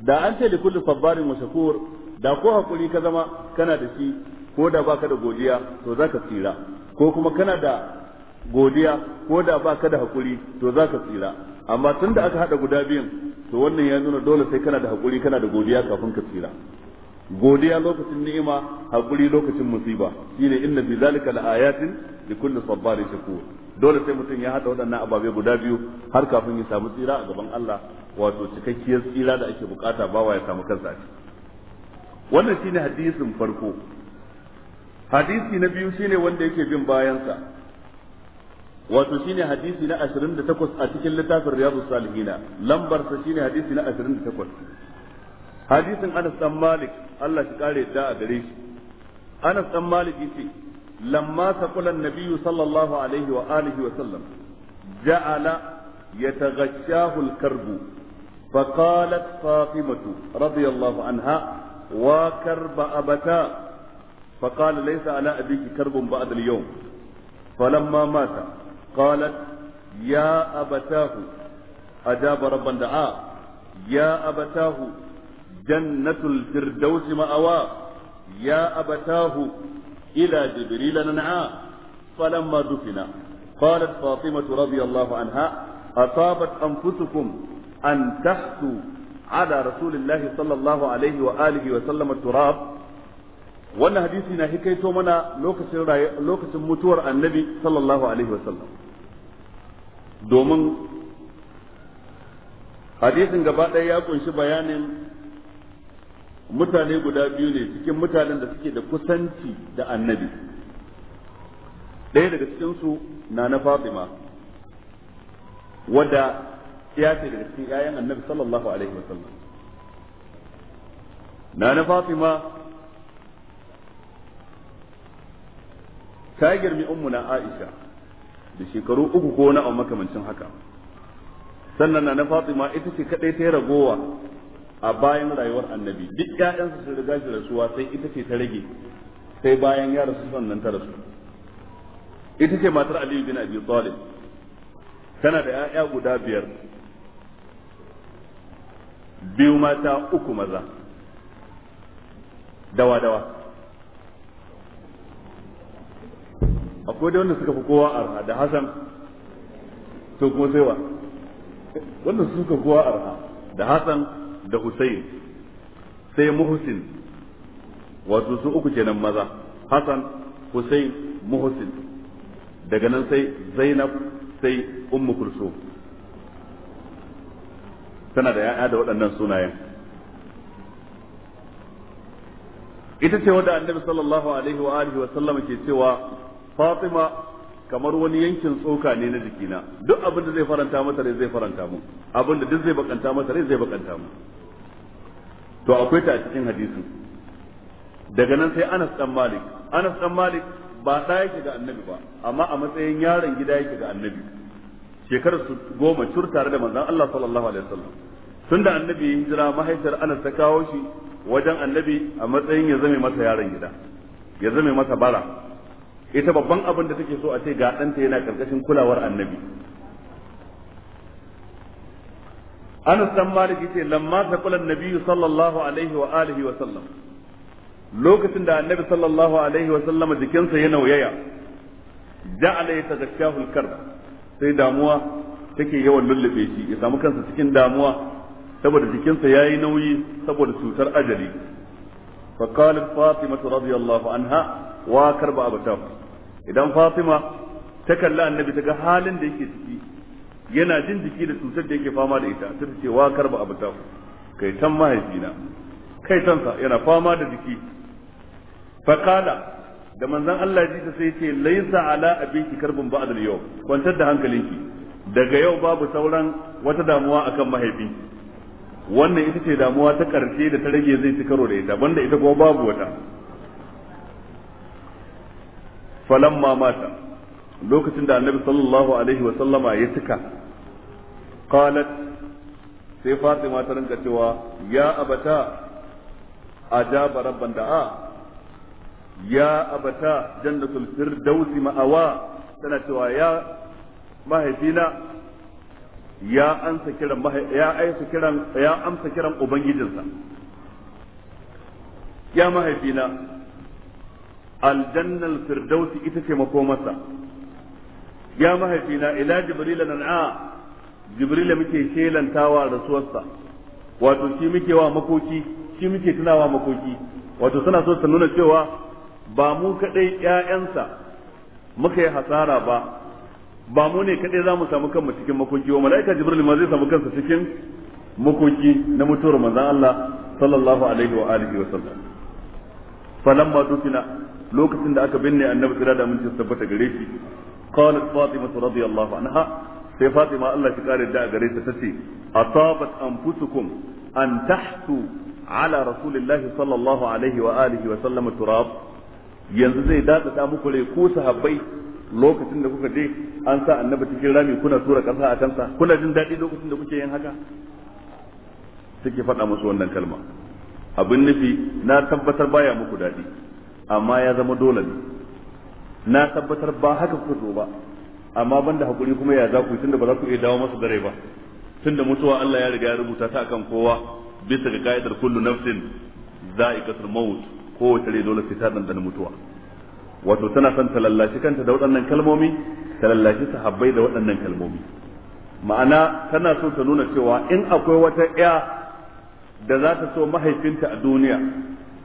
da an ce li kulli sabarin wa shakur da ko hakuri ka zama kana da shi ko da baka da godiya to zaka tsira ko kuma kana da godiya ko da baka da hakuri to zaka tsira amma tunda aka hada guda biyun to wannan ya nuna dole sai kana da hakuri kana da godiya kafin ka tsira godiya lokacin ni'ima hakuri lokacin musiba shine inna fi zalika laayatin li kulli sabarin shakur dole sai mutum ya hada waɗannan ababe guda biyu har kafin ya samu tsira a gaban Allah wato cikakkiyar tsira da ake bukata bawa ya samu kansa wannan shine hadisin farko hadisi na biyu shine wanda yake bin bayansa wato shine hadisi na 28 a cikin littafin riyadus salihina lambar sa shine hadisi na 28 hadisin Anas dan Malik Allah shi kare a gare shi Anas ɗan Malik yace lamma taqala an-nabiy sallallahu alaihi wa alihi wa sallam ja'ala yataghashahu karbu فقالت فاطمة رضي الله عنها وكرب أبتا فقال ليس على أبيك كرب بعد اليوم فلما مات قالت يا أبتاه أجاب ربا دعاء يا أبتاه jannatul firdaus ma'awa ya abatahu ila jibril nan'a falamma dufina qalat fatima radiyallahu anha أصابت أنفسكم أن تحثوا على رسول الله صلى الله عليه وآله وسلم التراب wannan hadisi na hikaito mana lokacin lokacin mutuwar annabi sallallahu alaihi wa sallam domin hadisin gaba ya kunshi bayanin mutane guda biyu ne cikin mutanen da suke da kusanci da annabi ɗaya daga cikinsu na na fatima wadda ya ce daga cikin 'ya'yan annabi sallallahu alaihi wasallam na na fatima ta girmi na aisha da shekaru uku ko na makamancin haka sannan na na fatima ita ce kadai ta yi ragowa a bayan rayuwar annabi duk ƴaƴansa sun riga shi rasuwa sai ita ce ta rage sai bayan ya rasu sannan ta rasu ita ce matar Aliyu bin Abi Talib tana da ƴaƴa guda biyar biyu mata uku maza dawa dawa akwai da wanda suka fi kowa arha da Hassan to kuma sai wa wanda suka fi kowa arha da Hassan da Hussein sai Muhsin wato su uku kenan maza Hassan Hussein Muhsin daga nan sai Zainab sai Ummu Kulsum tana da ya'ya da waɗannan sunayen ita ce wadda annabi sallallahu alaihi wa alihi wa sallama ke cewa Fatima kamar wani yankin tsoka ne na jikina duk abin da zai faranta mata rai zai faranta mu abin da duk zai bakanta mata rai zai bakanta mu to akwai ta a cikin hadisin daga nan sai Anas dan Malik Anas dan Malik ba da yake ga annabi ba amma a matsayin yaron gida yake ga annabi shekarar su goma cur tare da manzon Allah sallallahu alaihi wasallam tunda annabi ya hijira mahaifiyar Anas ta kawo shi wajen annabi a matsayin ya zame masa yaron gida ya zame masa bara ita babban abin da take so a ce ga ɗanta yana karkashin kulawar annabi Anas dan Malik yace lamma ta an-nabi sallallahu alaihi wa alihi wa sallam lokacin da annabi sallallahu alaihi wa sallam jikinsa ya nauyaya ja'ala yatazakkahu al-karb sai damuwa take yawan lullube shi ya samu kansa cikin damuwa saboda jikinsa yayi nauyi saboda cutar ajali fa qalat fatima radiyallahu anha wa karba abatahu idan fatima ta kalli annabi ta ga halin da yake ciki yana jin jiki da cutar da yake fama da ita sai ta ce wa karba abu ta kai tan mahaifina kai sa yana fama da jiki fakala da manzon Allah ji ta sai ce laisa ala abiki karbun ba'd al-yawm kwantar da hankalinki daga yau babu sauran wata damuwa akan mahaifi wannan ita ce damuwa ta karshe da ta rage zai ci karo da ita banda ita kuma babu wata falamma mata lokacin da annabi sallallahu alaihi wa sallama ya cika qalat sai fatima ta rinka cewa ya abata ajaba rabban da'a ya abata jannatul firdausi ma'awa tana cewa ya mahaifina ya ansa kiran ya aisa kiran ya amsa kiran ubangijinsa ya mahaifina aljannal firdausi ita ce makomarsa ya mahaifina ila jibril nan'a jibril muke shelantawa rasuwarsa wato shi muke wa makoki shi muke tunawa makoki wato suna so su nuna cewa ba mu kadai ƴaƴansa muka yi hasara ba ba mu ne kadai za mu samu kanmu cikin makoki wa mala'ika jibril ma zai samu kansa cikin makoki na mutuwar manzon Allah sallallahu alaihi wa alihi wa sallam falamma dukina lokacin da aka binne annabi tsira da mun tabbata gare shi qalat fatima radiyallahu anha sai fatima Allah shi kare da gare ta tace asabat anfusukum an tahtu ala rasulillahi sallallahu alaihi wa alihi wa sallam turab yanzu zai ta muku rai ko sahabbai lokacin da kuka je an sa annabi cikin rami kuna tura kansa a kansa kuna jin daɗi lokacin da kuke yin haka suke faɗa musu wannan kalma abin nufi na tabbatar baya muku daɗi amma ya zama dole ne na tabbatar ba haka kuka zo ba amma banda hakuri kuma ya za ku tunda ba za ku iya dawo masa dare ba tunda mutuwa Allah ya riga ya rubuta ta akan kowa bisa ga ka'idar kullu nafsin za'iqatul maut kowace rai dole sai ta dandana mutuwa wato tana son ta lallashi kanta da waɗannan kalmomi ta lallashi sahabbai da waɗannan kalmomi ma'ana tana so ta nuna cewa in akwai wata ƴa da za ta so mahaifinta a duniya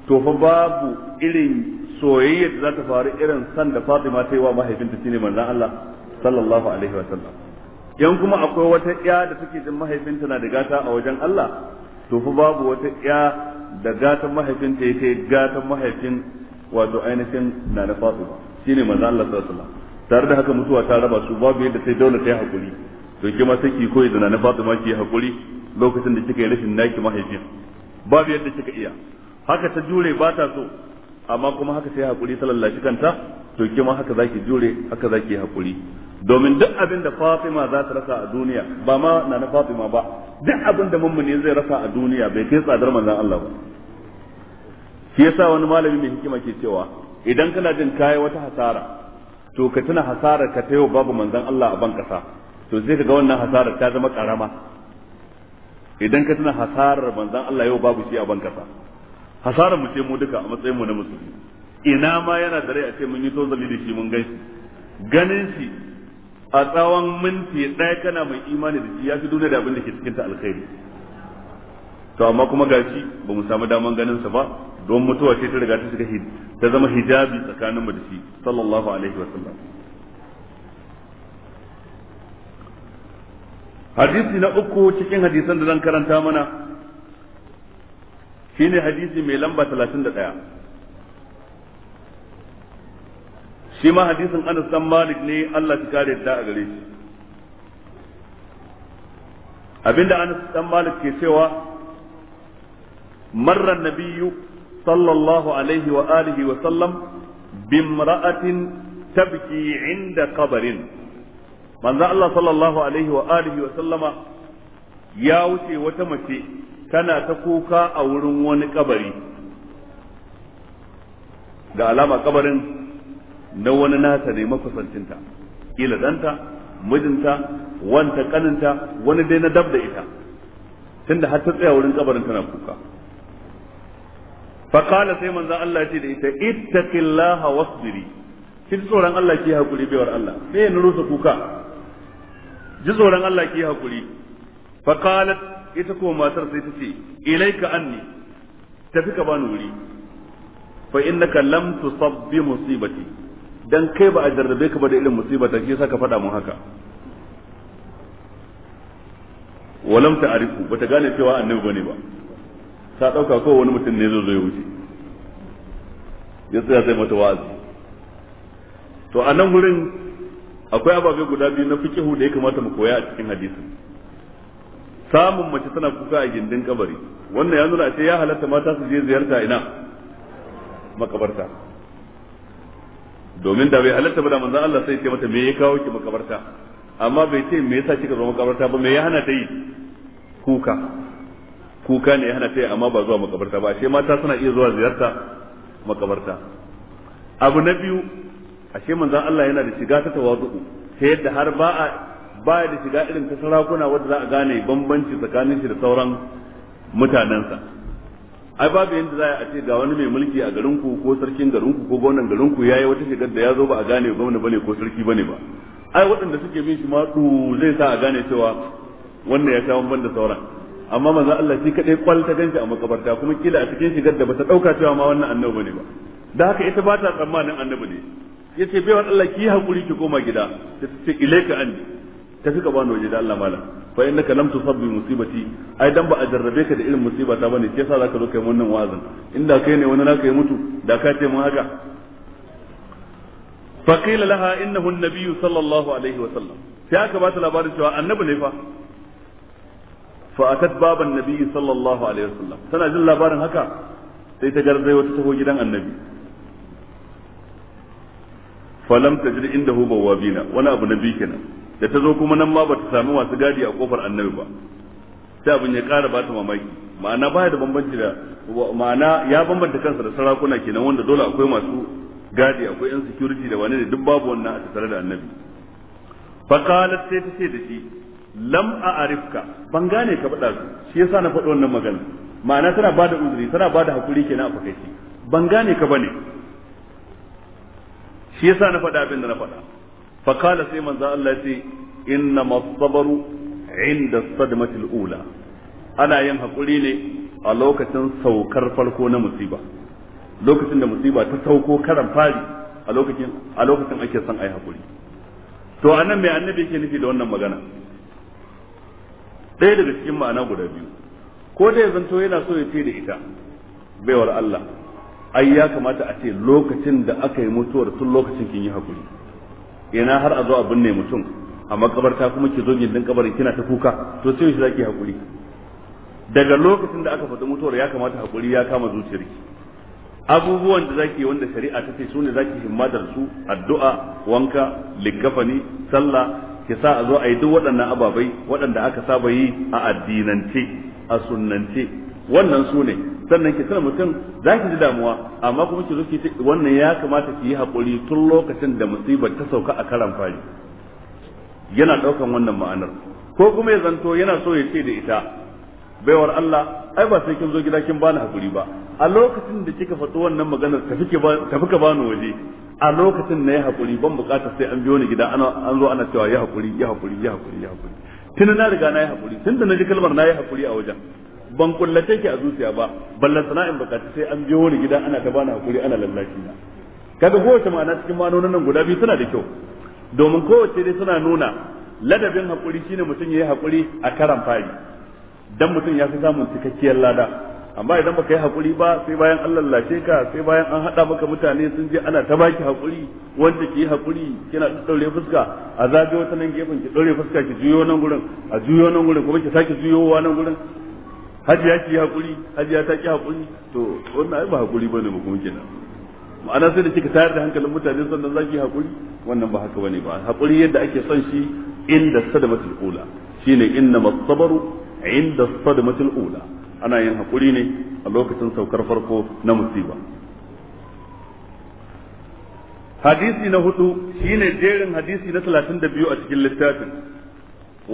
to fa babu irin soyayya da za ta faru irin san da Fatima ta yi wa mahaifinta shine manzon Allah sallallahu alaihi wa sallam yan kuma akwai wata iya da take jin mahaifinta na da gata a wajen Allah to fa babu wata iya da gatan mahaifinta ya kai gatan mahaifin wato ainihin na na fatima shine manzo Allah sallallahu alaihi wa tare da haka mutuwa ta raba su babu yadda sai dole ta yi hakuri to kima sai ki koyi da na na ma ki yi hakuri lokacin da kika yi rashin naki mahaifin babu yadda kika iya haka ta jure ba ta so amma kuma haka sai hakuri sallallahu alaihi wa kanta to kima haka zaki jure haka zaki hakuri domin duk abin da Fatima za ta rasa a duniya ba ma na na Fatima ba duk abin da mummuni zai rasa a duniya bai kai tsadar manzon Allah ba shi yasa wani malami mai hikima ke cewa idan kana jin kayi wata hasara to ka tuna hasarar ka ta yau babu manzon Allah a ban kasa to zai ga wannan hasarar ta zama karama idan ka tuna hasarar manzon Allah yau babu shi a ban kasa hasarar mu ce mu duka a matsayin mu na musulmi ina ma yana da rai a ce mun yi tozali da shi mun gaishe ganin shi a tsawon minti ɗaya kana mai imani da shi ya fi duniya da abin da ke cikin ta alkhairi to amma kuma gashi ba mu samu daman ganin sa ba don mutuwa ce ta riga ta shiga ta zama hijabi tsakanin mu da shi sallallahu alaihi wa sallam hadisi na uku cikin hadisan da zan karanta mana shine hadisi mai lamba 31 shi ma hadisin Anas dan Malik ne Allah ya kare da a gare shi abinda Anas dan Malik ke cewa marra nabiyyu sallallahu alaihi wa alihi wa sallam bimra'atin tabki inda qabarin manzo Allah sallallahu alaihi wa alihi wa sallama ya wuce wata mace tana ta kuka a wurin wani kabari da alama kabarin na wani nata ne makusancinta kila danta mijinta wanta kaninta wani dai na dab da ita tunda har ta tsaya wurin kabarin tana kuka fa qala sai manzo Allah ya ce da ita ittaqillaha wasbiri kin tsoron Allah ki hakuri baiwar Allah sai ya nurusa kuka ji tsoron Allah ki hakuri fa qalat ita ko matar sai ta ce ilaika anni tafi ka bani wuri fa innaka lam tusab bi musibati dan kai ba a jarrabe ka ba da irin musiba ta yasa ka faɗa mun haka walam ba bata gane cewa annabi bane ba ta dauka ko wani mutum ne zo zo ya wuce ya tsaya sai mata wa'azi to a nan wurin akwai ababe guda biyu na fikihu da ya kamata mu koya a cikin hadisi samun mace tana kuka a gindin kabari wannan ya nuna a ce ya halatta mata su je ziyarta ina makabarta domin da bai halatta ba da manzon Allah sai ce mata me ya kawo ki makabarta amma bai ce me yasa kika zo makabarta ba me ya hana ta yi kuka kuka ne ya hana ta yi amma ba zuwa makabarta ba ashe mata suna iya zuwa ziyarta makabarta abu na biyu ashe manzon Allah yana da shiga ta tawazu ta yadda har ba a ba da shiga irin ta sarakuna wanda za a gane bambanci tsakanin shi da sauran mutanensa ai babu yanda za a ce ga wani mai mulki a garin ku ko sarkin garin ku ko gwamnan garin ku yayi wata shigar da ya zo ba a gane gwamna bane ko sarki bane ba ai waɗanda suke bin shi ma zai sa a gane cewa wannan ya sha banda saura sauran amma manzo Allah shi kadai kwal ta ganshi a makabarta kuma kila a cikin shigar da bata dauka cewa ma wannan annabi bane ba da haka ita ba ta tsammanin annabi ne yace bai wa Allah ki hakuri ki koma gida ta ce ilaika anni tafi ka bani waje da Allah malam fa innaka lam tusab bi musibati ai dan ba a jarrabe ka da irin musiba ta bane sai yasa zaka zo kai wannan wa'azin inda kai ne wani naka ya mutu da ka ce mun haka fa qila laha innahu an-nabiy sallallahu alaihi wa sallam sai aka ba ta labarin cewa annabi ne fa fa atat baban nabiy sallallahu alaihi wa sallam tana jin labarin haka sai ta garzayo wata taho gidan annabi falam tajri indahu bawabina wani abu na biyu kenan da ta zo kuma nan ma ta sami masu gadi a kofar annabi ba sai abin ya ƙara ta mamaki ma'ana baya da bambanci da ma'ana ya bambanta kansa da sarakuna kenan wanda dole akwai masu gadi akwai yan security da wani da duk babu wannan a tattare da annabi faqalat sai ta ce da shi lam a'rifka ban gane ka faɗa su shi yasa na faɗi wannan magana ma'ana tana bada uzuri tana bada hakuri kenan a fakaici ban gane ka bane shi yasa na faɗa abin da na faɗa fa qala sai manzo Allah ce inna as-sabru inda sadmatil ula ana yin hakuri ne a lokacin saukar farko na musiba lokacin da musiba ta sauko karan fari a lokacin a lokacin ake son ai hakuri to anan mai annabi yake nufi da wannan magana ɗaya daga cikin ma'ana guda biyu ko da ya zanto yana so ya ce da ita baiwar Allah ai ya kamata a ce lokacin da aka yi mutuwar tun lokacin kin yi hakuri ina har a zo a binne mutum a makabarta kuma ki zo gindin kabarin kina ta kuka to sai shi zaki hakuri daga lokacin da aka faɗi mutuwar ya kamata hakuri ya kama zuciyarki abubuwan da zaki yi wanda shari'a ta ce su ne zaki himma da su addu'a wanka likafani sallah ki sa a zo a yi duk waɗannan ababai waɗanda aka saba yi a addinance a sunnance wannan su ne sannan ki sanar mutum za ki ji damuwa amma kuma ki zo ki wannan ya kamata ki yi haƙuri tun lokacin da musibar ta sauka a karan fari yana ɗaukan wannan ma'anar ko kuma ya zanto yana so ya ce da ita baiwar Allah ai ba sai kin zo gida kin bani haƙuri ba a lokacin da kika faɗi wannan maganar tafi ka bani waje a lokacin na ya haƙuri ban buƙatar sai an biyo ni gida an zo ana cewa ya haƙuri ya haƙuri ya haƙuri ya haƙuri tun na riga na yi haƙuri tun da na ji kalmar na yi haƙuri a wajen ban kullace ki a zuciya ba ballan sana'in bukaci sai an biyo wani gida ana ta bana hakuri ana lallashi na kaga kowace ma'ana cikin ma'anonin nan guda biyu suna da kyau domin kowace dai suna nuna ladabin hakuri shine mutum yayi hakuri a karan fari dan mutum ya fi samun cikakkiyar lada amma idan baka yi hakuri ba sai bayan an lallashe ka sai bayan an hada maka mutane sun je ana ta baki hakuri wanda ki yi hakuri kina daure fuska a zagayo wata nan gefen ki daure fuska ki juyo nan gurin a juyo nan gurin kuma ki sake juyowa nan gurin hajiya ki hakuri hajiya ta ki hakuri to wannan ai ba hakuri bane ba kuma kenan ma'ana sai da kika tayar da hankalin mutane sannan zaki hakuri wannan ba haka bane ba hakuri yadda ake son shi inda sadamatul ula shine inna masabaru inda sadamatul ula ana yin hakuri ne a lokacin saukar farko na musiba hadisi na hudu shine jerin hadisi na 32 a cikin littafin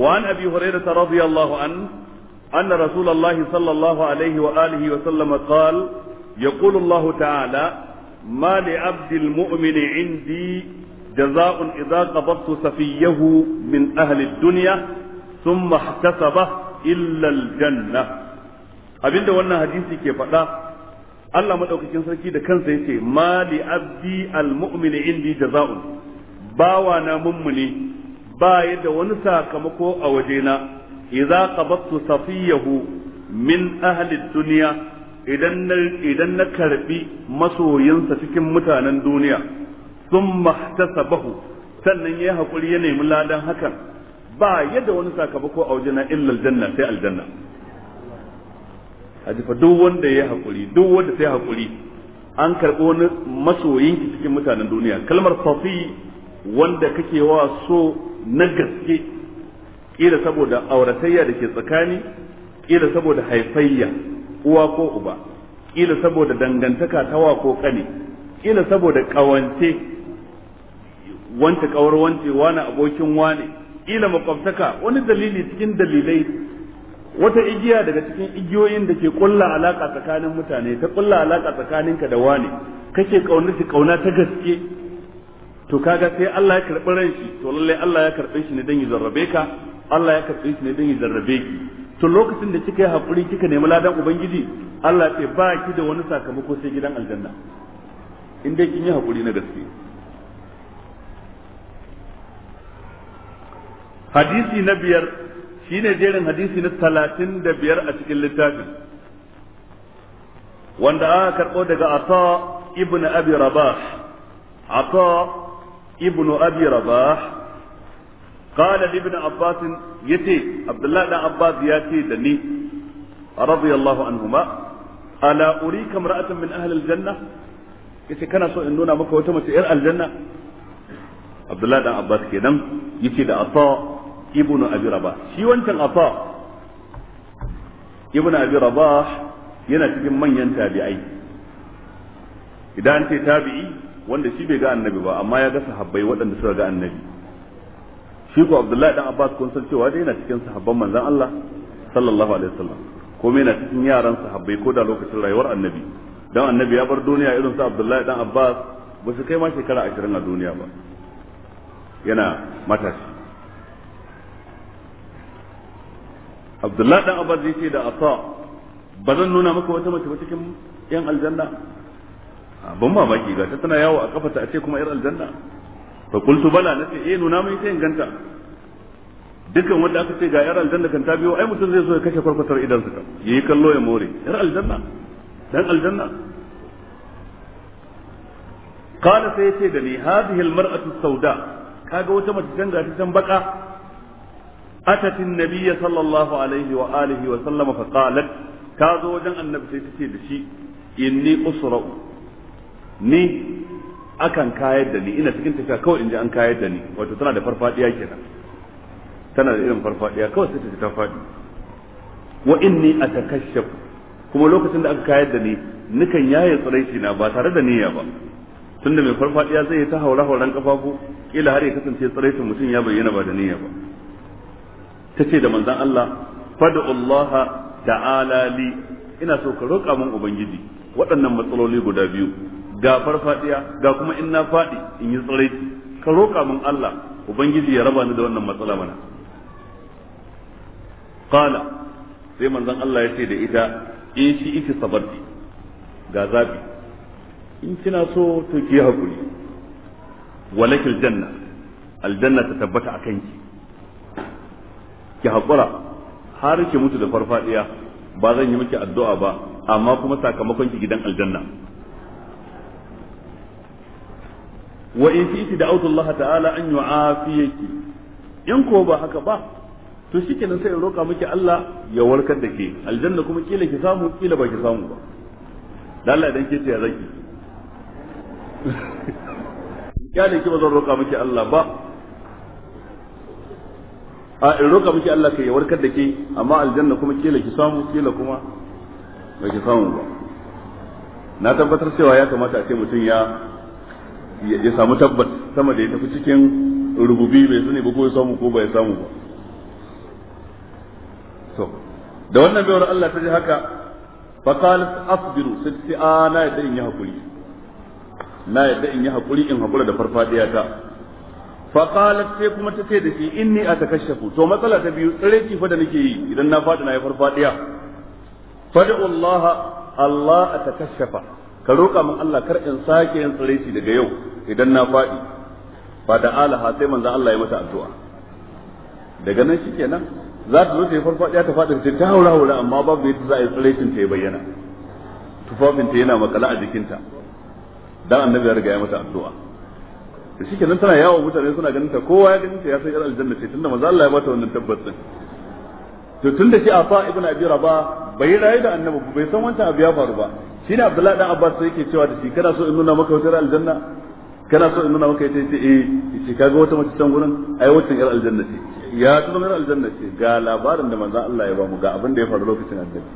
وعن ابي هريره رضي الله عنه أن رسول الله صلى الله عليه وآله وسلم قال يقول الله تعالى ما لعبد المؤمن عندي جزاء إذا قبضت سفيه من أهل الدنيا ثم احتسبه إلا الجنة abinda wannan hadisi ke faɗa Allah maɗaukakin sarki da kansa ya ce ma abdi almu'mini indi jaza'un bawa na mummuni baya da wani sakamako a wajena idza qabattu safiyahu min ahli dunya idan na karɓi karbi masoyinsa cikin mutanen duniya thumma sannan yayi hakuri ya nemi ladan hakan ba yadda wani sakamako a wajena illa aljanna sai aljanna a duk wanda ya hakuri duk wanda sai hakuri an karɓi wani masoyin cikin mutanen duniya kalmar safi wanda kake wa so na gaske kila saboda auratayya da ke tsakani kila saboda haifayya uwa ko uba kila saboda dangantaka tawa ko kane kila saboda kawance wanta kawar wance wani abokin wani kila makwabtaka wani dalili cikin dalilai wata igiya daga cikin igiyoyin da ke kulla alaka tsakanin mutane ta kulla alaka tsakaninka da wani kake kaunar kauna ta gaske to kaga sai Allah ya karbi ran shi to lallai Allah ya karbe shi ne dan ya zarrabe ka Allah ya karɓe shi ne don ya zarrabe ki to lokacin da kika yi haƙuri kika nemi ladan ubangiji Allah ce ba ki da wani sakamako sai gidan aljanna in dai kin yi haƙuri na gaske hadisi na biyar shine jerin hadisi na talatin da biyar a cikin littafin wanda aka karɓo daga ata ibn abi rabah ata ibn abi rabah qala ibn abbas yace abdullahi dan abbas yace da ni radiyallahu anhuma ala urika imra'atan min ahli aljanna yace kana so in nuna maka wata mace yar aljanna abdullahi dan abbas kenan yace da ata ibnu abi rabah shi wancan ata ibnu abi yana cikin manyan tabi'ai idan an ce tabi'i wanda shi bai ga annabi ba amma ya ga sahabbai waɗanda suka ga annabi shi ko abdullahi dan abbas kun san cewa dai yana cikin sahabban manzon Allah sallallahu alaihi wasallam kuma yana cikin yaran sahabbai ko da lokacin rayuwar annabi dan annabi ya bar duniya irin sa abdullahi dan abbas ba su kai ma shekara 20 a duniya ba yana matashi abdullahi dan abbas yace da asa ba zan nuna maka wata mace ba cikin yan aljanna ban mamaki ga ta tana yawo a ta a ce kuma yar aljanna fa qultu bala nace eh nuna mai sai in ganta dukan wanda aka ce ga yar aljanna kan ta biyo ai mutum zai so ya kashe kwarkwatar idan suka yayi kallo ya more yar aljanna dan aljanna قال سيتي دني هذه المرأة السوداء كاغا وتا متجان غاتي تان بقا أتت النبي صلى الله عليه وآله وسلم فقالت كاغا وجن النبي سيتي دشي إني أسرأ ni akan kayar da ni ina cikin tafiya kawai in ji an kayar da ni wato tana da farfadiya kenan tana da irin farfadiya kawai sai ta ji ta fadi wa inni atakashshaf kuma lokacin da aka kayar da ni nukan yaye tsiraici na ba tare da niyya ba tunda mai farfadiya zai yi ta haura hauran kafafu kila har ya kasance tsiraicin mutum ya bayyana ba da niyya ba tace da manzon Allah fad'ullaha ta'ala li ina so ka roƙa min ubangiji waɗannan matsaloli guda biyu ga farfadiya ga kuma in na faɗi, in yi tsirai ka roƙa min Allah ubangiji ya raba ni da wannan matsala mana qala sai manzon Allah ya ce da ita in eh, shi ita sabarti ga zabi in kina so to ki hakuri walakil janna aljanna ta tabbata akan ki ki hakura har ki mutu da farfadiya ba zan yi miki addu'a ba amma kuma sakamakon ki gidan aljanna wa in fi'ti da'awtu Allah ta'ala an yu'afiyaki in ko ba haka ba to shikenan sai in roka miki Allah ya warkar da ke aljanna kuma kila ki samu kila ba ki samu ba dan Allah idan ke ce ya zaki ya ne ki ba zan roka miki Allah ba a in roka miki Allah kai ya warkar da ke amma aljanna kuma kila ki samu kila kuma ba ki samu ba na tabbatar cewa ya kamata a ce mutum ya ya samu tabbas sama da ya tafi cikin rububi bai sani ba ko ya samu ko bai samu ba to da wannan bayar Allah ta ji haka fa qalat asbiru sitti ana yadda in yi hakuri na yadda in yi hakuri in hakura da farfadiya ta fa qalat sai kuma ta ce da shi inni atakashafu to matsala ta biyu tsare ki fa da nake yi idan na fada na yi farfadiya fad'u Allah Allah atakashafa ka roƙa min Allah kar in sake yin tsare daga yau idan na faɗi ba da alaha sai manzo Allah ya mata addu'a daga nan shikenan za ta zo ta yi farfaɗiya ta faɗi ta ta haura haura amma babu yadda za a yi tsiraitin ta ya bayyana tufafin ta yana makala a jikinta dan annabi ya riga ya mata addu'a da shi nan tana yawo mutane suna ganin ta kowa ya ganin ta ya san 'yar aljanna ce tunda manzo Allah ya bata wannan tabbas din to tunda shi afa ibnu abi raba bai rayu da annabi bai san wancan abu ya faru ba shine abdullahi dan abbas sai yake cewa da shi kana so in nuna maka wutar aljanna kana so in nuna maka yace ce eh ka kaga wata mace can gurin ai wacce yar aljanna ce ya ta yar aljanna ce ga labarin da manzo Allah ya ba mu ga abin da ya faru lokacin aljanna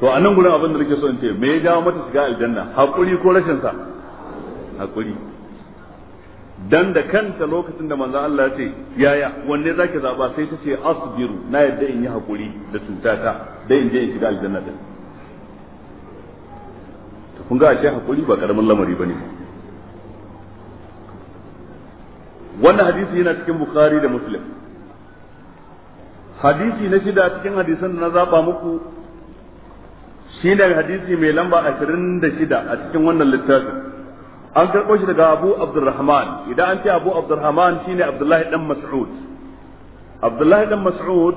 to a nan gurin abin da nake so in ce me ya jawo mata shiga aljanna hakuri ko rashin sa hakuri dan da kanta lokacin da manzo Allah ya ce yaya wanne zaki zaba sai ta ce asbiru na yadda in yi hakuri da cutata dai in je in shiga aljanna din kun ga ashe hakuri ba karamin lamari bane wannan hadisi yana cikin bukhari da muslim hadisi na shida cikin hadisan da na zaba muku shine hadisi mai lamba 26 a cikin wannan littafin an karɓo shi daga abu abdurrahman idan an ce abu abdurrahman shine abdullahi dan mas'ud abdullahi dan mas'ud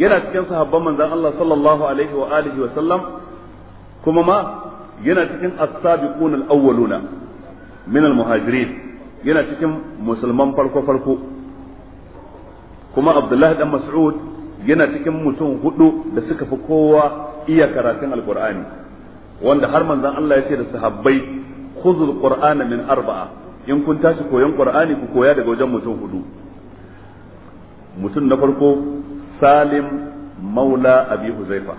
yana cikin sahabban manzon Allah sallallahu alaihi wa alihi wa sallam kuma ma yana cikin as-sabiqun al-awwaluna min al-muhajirin yana cikin musulman farko farko kuma abdullahi dan mas'ud yana cikin mutum hudu da suka fi kowa iya karatun al'kur'ani wanda har manzon Allah ya ce da sahabbai khuzul qur'ana min arba'a in kun tashi koyon qur'ani ku koya daga wajen mutum hudu mutum na farko salim maula abi huzaifa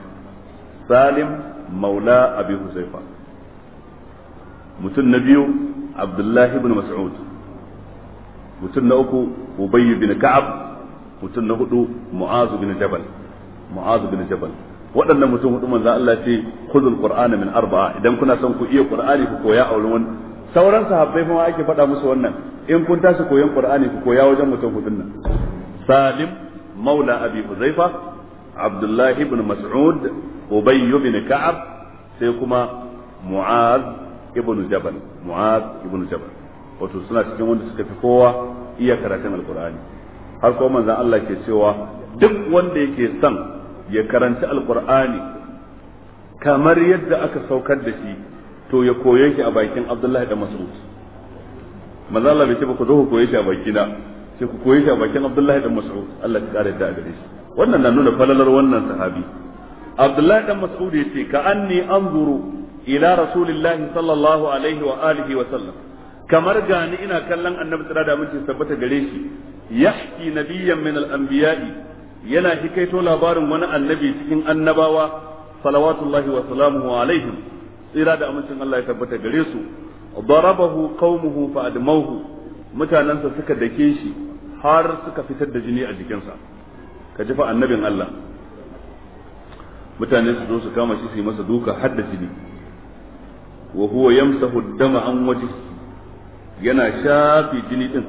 salim maula abi huzaifa mutum na biyu abdullahi ibn mas'ud mutum na uku ubayy bin ka'ab mutum na hudu mu'az bin jabal mu'az bin jabal waɗannan mutum hudu manzo Allah ce khudhul qur'ana min arba'a idan kuna son ku iya qur'ani ku koya a wurin wani sauran sahabbai kuma ake faɗa musu wannan in kun tashi koyon qur'ani ku koya wajen mutum hudu nan salim maula abi huzaifa abdullahi ibn mas'ud ubay ibn ka'ab sai kuma mu'az ibn jabal mu'az ibn jabal wato suna cikin wanda suka fi kowa iya karatun alkur'ani har ko manzon Allah ke cewa duk wanda yake son ya karanci alkur'ani kamar yadda aka saukar da shi to ya koye shi a bakin Abdullahi da Mas'ud manzon Allah bai ce ba ku zo ku koye shi a bakina sai ku koye shi a bakin Abdullahi da Mas'ud Allah ya kare da gare shi wannan na nuna falalar wannan sahabi Abdullahi dan Mas'ud yace ka anni anzuru ila rasulillahi sallallahu alaihi wa alihi wa sallam kamar gani ina kallon annabi tsira da muke tabbata gare shi yahki nabiyyan min al-anbiya'i yana hikaito labarin wani annabi cikin annabawa salawatullahi wa salamuhu alaihim tsira da amincin Allah ya tabbata gare su darabahu qaumuhu fa admauhu mutanansa suka dake shi har suka fitar da jini a jikinsa ka ji fa annabin Allah mutane su zo su kama shi su yi masa duka har da jini wa huwa yamsahu dama an wajhihi yana shafi jini din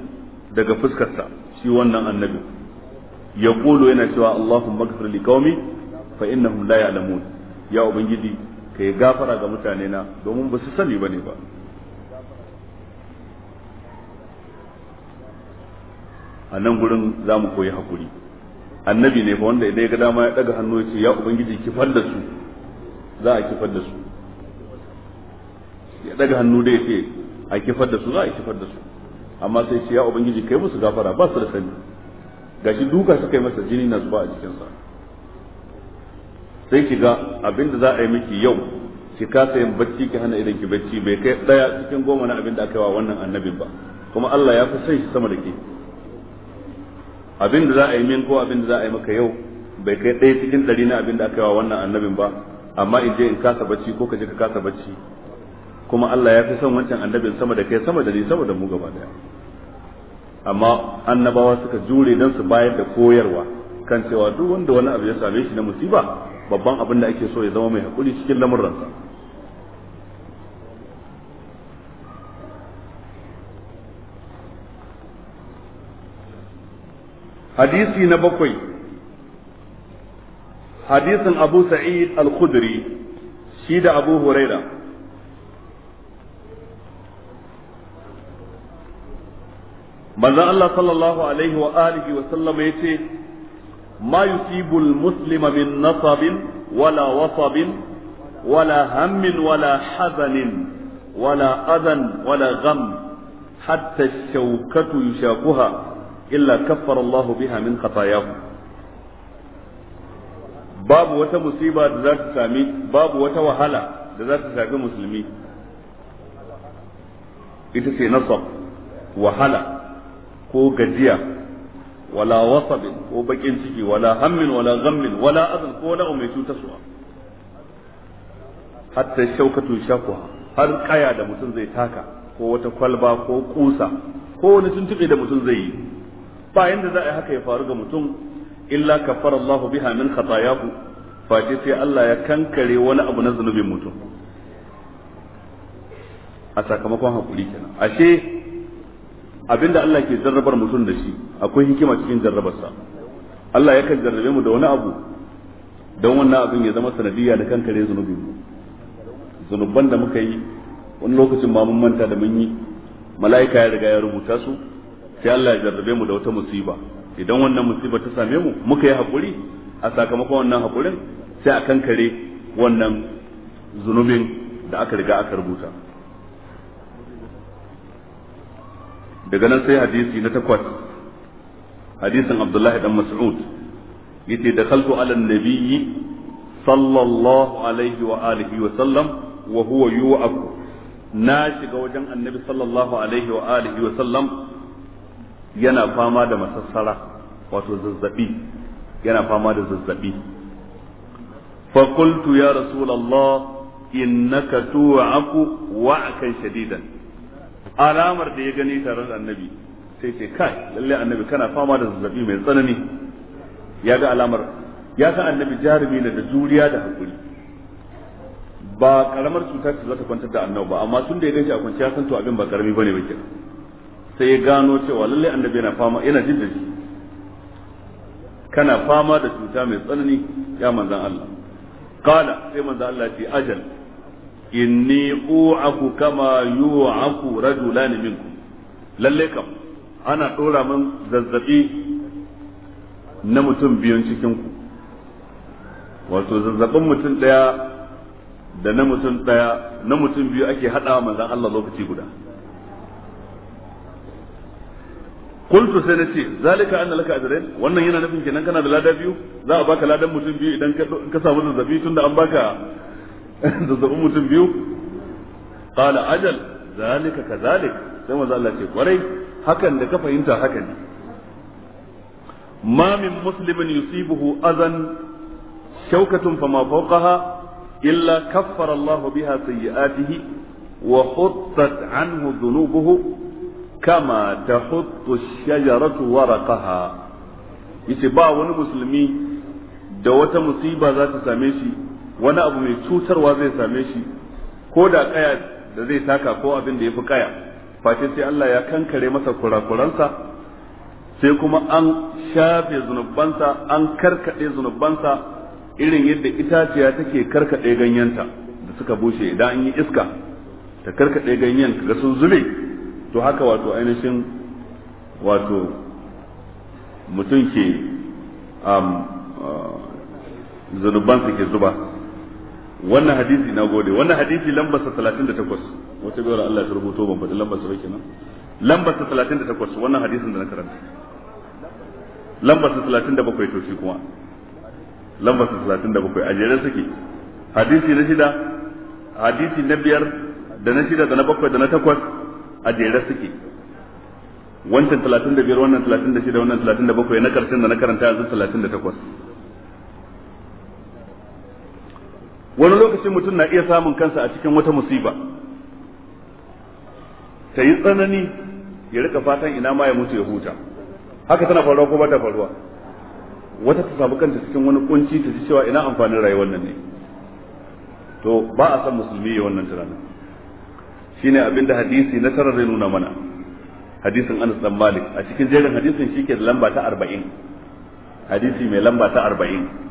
daga fuskarsa shi wannan annabi ya kulo yana cewa Allahumma ghfir li qaumi fa innahum la ya'lamun ya ubangiji kai gafara ga mutane na domin ba su sani bane ba a nan gurin za mu koyi hakuri annabi ne fa wanda idan ya ga dama ya daga hannu ya ce ya ubangiji kifar da su za a kifar da su ya daga hannu da ya ce a kifar da su za a kifar da su amma sai ce ya ubangiji kai musu gafara ba su da sani gashi duka suka yi masa jini na zuba a jikinsa sai ki ga abin da za a yi miki yau ki kasa yin bacci ki hana idan ki bacci bai kai daya cikin goma na abin da aka yi wa wannan annabin ba kuma Allah ya fi sai shi sama da ke abin da za a yi min ko abin da za a yi maka yau bai kai ɗaya cikin ɗari na abin da aka yi wa wannan annabin ba amma in je in kasa bacci ko ka je ka kasa bacci kuma Allah ya fi son wancan annabin sama da kai sama da ni sama mu gaba daya amma annabawa suka jure dan su bayar da koyarwa kan cewa duk wanda wani abu ya same shi na musiba babban abin da ake so ya zama mai hakuri cikin lamurransa hadisi na bakwai hadisin abu sa'id al-khudri shi da abu huraira manzon Allah sallallahu alaihi wa alihi wa sallama yace ma yusibu muslima min nasabin wala wasabin wala hammin wala hazanin wala adan wala gham hatta shaukatu shawkatu yushaquha illa kaffara Allah biha min khatayahu babu wata musiba da za ta sami babu wata wahala da za ta shafi musulmi ita ce nasab wahala ko gajiya wala wasabin ko bakin ciki wala hammin wala ghammin wala azan ko wala mai cutarwa hatta shaukatu shakwa har kaya da mutum zai taka ko wata kwalba ko kusa ko wani tuntube da mutum zai yi ba yadda za a yi haka ya faru ga mutum illa kafara Allah biha min khatayahu face sai Allah ya kankare wani abu na zunubin mutum a sakamakon hakuri kenan ashe abinda Allah ke jarrabar mutum da shi akwai hikima cikin jarrabarsa Allah ya kan jarrabe mu da wani abu don wannan abin ya zama sanadiyya da kankare zunubin mu zunuban da muka yi wani lokacin ma mun manta da mun yi mala'ika ya riga ya rubuta su sai Allah ya jarrabe mu da wata musiba idan wannan musiba ta same mu muka yi hakuri a sakamakon wannan hakurin sai a kankare wannan zunubin da aka riga aka rubuta daga nan sai hadisi na takwas hadisin abdullahi dan mas'ud yace dakhaltu ala nabiyyi sallallahu alaihi wa alihi wa sallam wa huwa yu'aku na shiga wajen annabi sallallahu alaihi wa alihi wa sallam yana fama da masassara wato zazzabi yana fama da zazzabi fa qultu ya rasulullah innaka tu'aku wa'kan shadidan alamar da ya gani tare da annabi sai ce kai lalle annabi kana fama da zazzabi mai tsanani ya ga alamar ya ga annabi jarumi da juriya da hakuri ba karamar cuta ta zata kwantar da annabi ba amma tun da ya gaishe a kwanciya san to abin ba karami bane ba kenan sai ya gano cewa lalle annabi yana fama yana jin da shi kana fama da cuta mai tsanani ya manzan Allah qala sai manzan Allah ya ce ajal inni u'aku kama yu'aku rajulan minkum lalle kam ana dora min zazzabi na mutum biyun cikin ku wato zazzabin mutum daya da na mutum daya na mutum biyu ake hada manzon Allah lokaci guda qultu sai nace zalika anna laka ajrayn wannan yana nufin kenan kana da lada biyu za a baka ladan mutum biyu idan ka samu zazzabi tunda an baka zazzabin mutum biyu qala ajal zalika kazalik sai manzo Allah ce kwarai hakan da ka fahimta haka ne ma min muslimin yusibuhu azan shaukatun fama fawqaha illa kaffara Allah biha sayyi'atihi wa huttat anhu dhunubuhu kama tahuttu ash-shajaratu waraqaha yace ba wani musulmi da wata musiba za ta same shi wani abu mai cutarwa zai same shi ko da kaya da zai taka ko abin da ya fi kaya face sai Allah ya kankare masa kurakuransa sai kuma an shafe zunubansa an karkade zunubansa irin yadda itaciya take karkade ganyenta da suka bushe idan an yi iska ta karkade ganyen ga sun zube to haka wato ainihin wato mutum ke um, uh, zunubansa ke zuba wannan hadisi na gode wannan hadisi lambar 38 wata bayar Allah ya rubuto ban faɗi lambar sa kenan lambar 38 wannan hadisin da na karanta lambar 37 to shi kuma lambar 37 a jere suke hadisi na shida hadisi na biyar da na shida da na bakwai da na takwas a jere suke wancan 35 wannan 36 wannan 37 na karshen da na karanta yanzu 38 wani lokacin mutum na iya samun kansa a cikin wata musiba ta yi tsanani ya rika fatan ina ma ya mutu ya huta haka tana faruwa ko ba ta faruwa wata ta samu kanta cikin wani kunci ta ji cewa ina amfanin rayuwar nan ne to ba a san musulmi ya wannan tunanin shine abinda hadisi na tarar nuna mana hadisin Anas dan Malik a cikin jerin hadisin shi ke da lamba ta arba'in. hadisi mai lamba ta arba'in.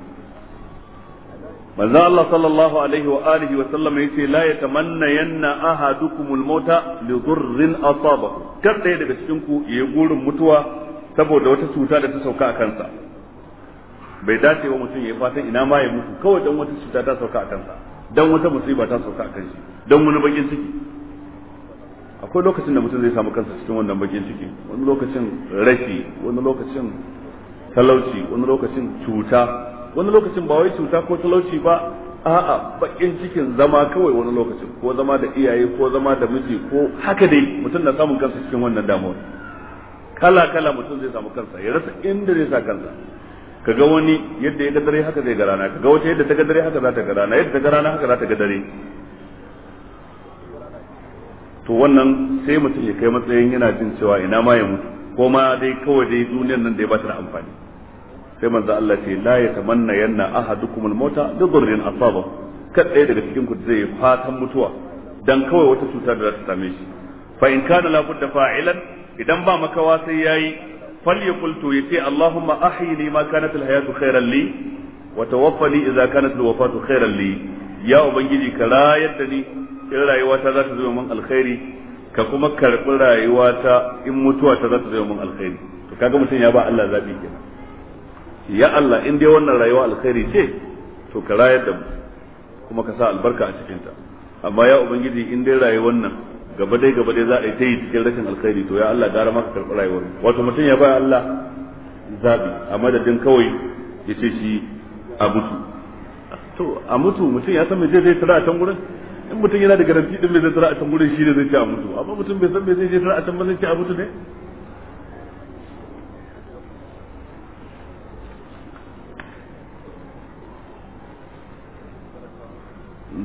manzo Allah sallallahu alaihi wa alihi wa sallam yace la yatamanna yanna ahadukum almauta li dhurrin asabahu kar ɗaya daga cikin ku ya gurin mutuwa saboda wata cuta da ta sauka a kansa bai dace wa mutum ya fatan ina ma ya mutu kawai dan wata cuta ta sauka a kansa dan wata musiba ta sauka a kansa dan wani bakin ciki akwai lokacin da mutum zai samu kansa cikin wannan bakin ciki wani lokacin rashi wani lokacin talauci wani lokacin cuta wani lokacin ba wai cuta ko talauci ba a'a bakin cikin zama kawai wani lokacin ko zama da iyaye ko zama da miji ko haka dai mutum na samun kansa cikin wannan damuwar kala kala mutum zai samu kansa ya rasa inda zai sa kansa kaga wani yadda ya ga dare haka zai ga rana kaga wata yadda ta ga dare haka za ta ga rana yadda ta ga rana haka za ta ga dare to wannan sai mutum ya kai matsayin yana jin cewa ina ma ya mutu ko ma dai kawai dai duniyar nan da ya ba ta da amfani sai manzo Allah ce la yatamanna yanna ahadukum al da bi dhurrin asaba kad ɗaya daga cikin ku zai fatan mutuwa dan kawai wata cuta da za ta same shi fa in kana la budda fa'ilan idan ba makawa sai yayi falyakul to yace Allahumma ahyini ma kanat al-hayatu khairan li wa tawaffani idza kanat al khairan li ya ubangiji ka rayar da ni in rayuwata za ta zama min alkhairi ka kuma karɓi rayuwata in mutuwa ta za ta zama min alkhairi to kaga mutum ya ba Allah zabi kenan ya Allah in dai wannan rayuwa alkhairi ce to ka rayar da mu kuma ka sa albarka a cikinta amma ya ubangiji in dai rayuwar nan gaba dai gaba dai za a yi ta yi cikin rashin alkhairi to ya Allah gara maka karɓi rayuwar wato mutum ya ba Allah zabi a madadin kawai ya ce shi a mutu to a mutu mutum ya san me zai zai tara a can gurin in mutum yana da garanti din me zai tara a can gurin shi ne zai ce a mutu amma mutum bai san me zai je tara a can ba zai ce a mutu ne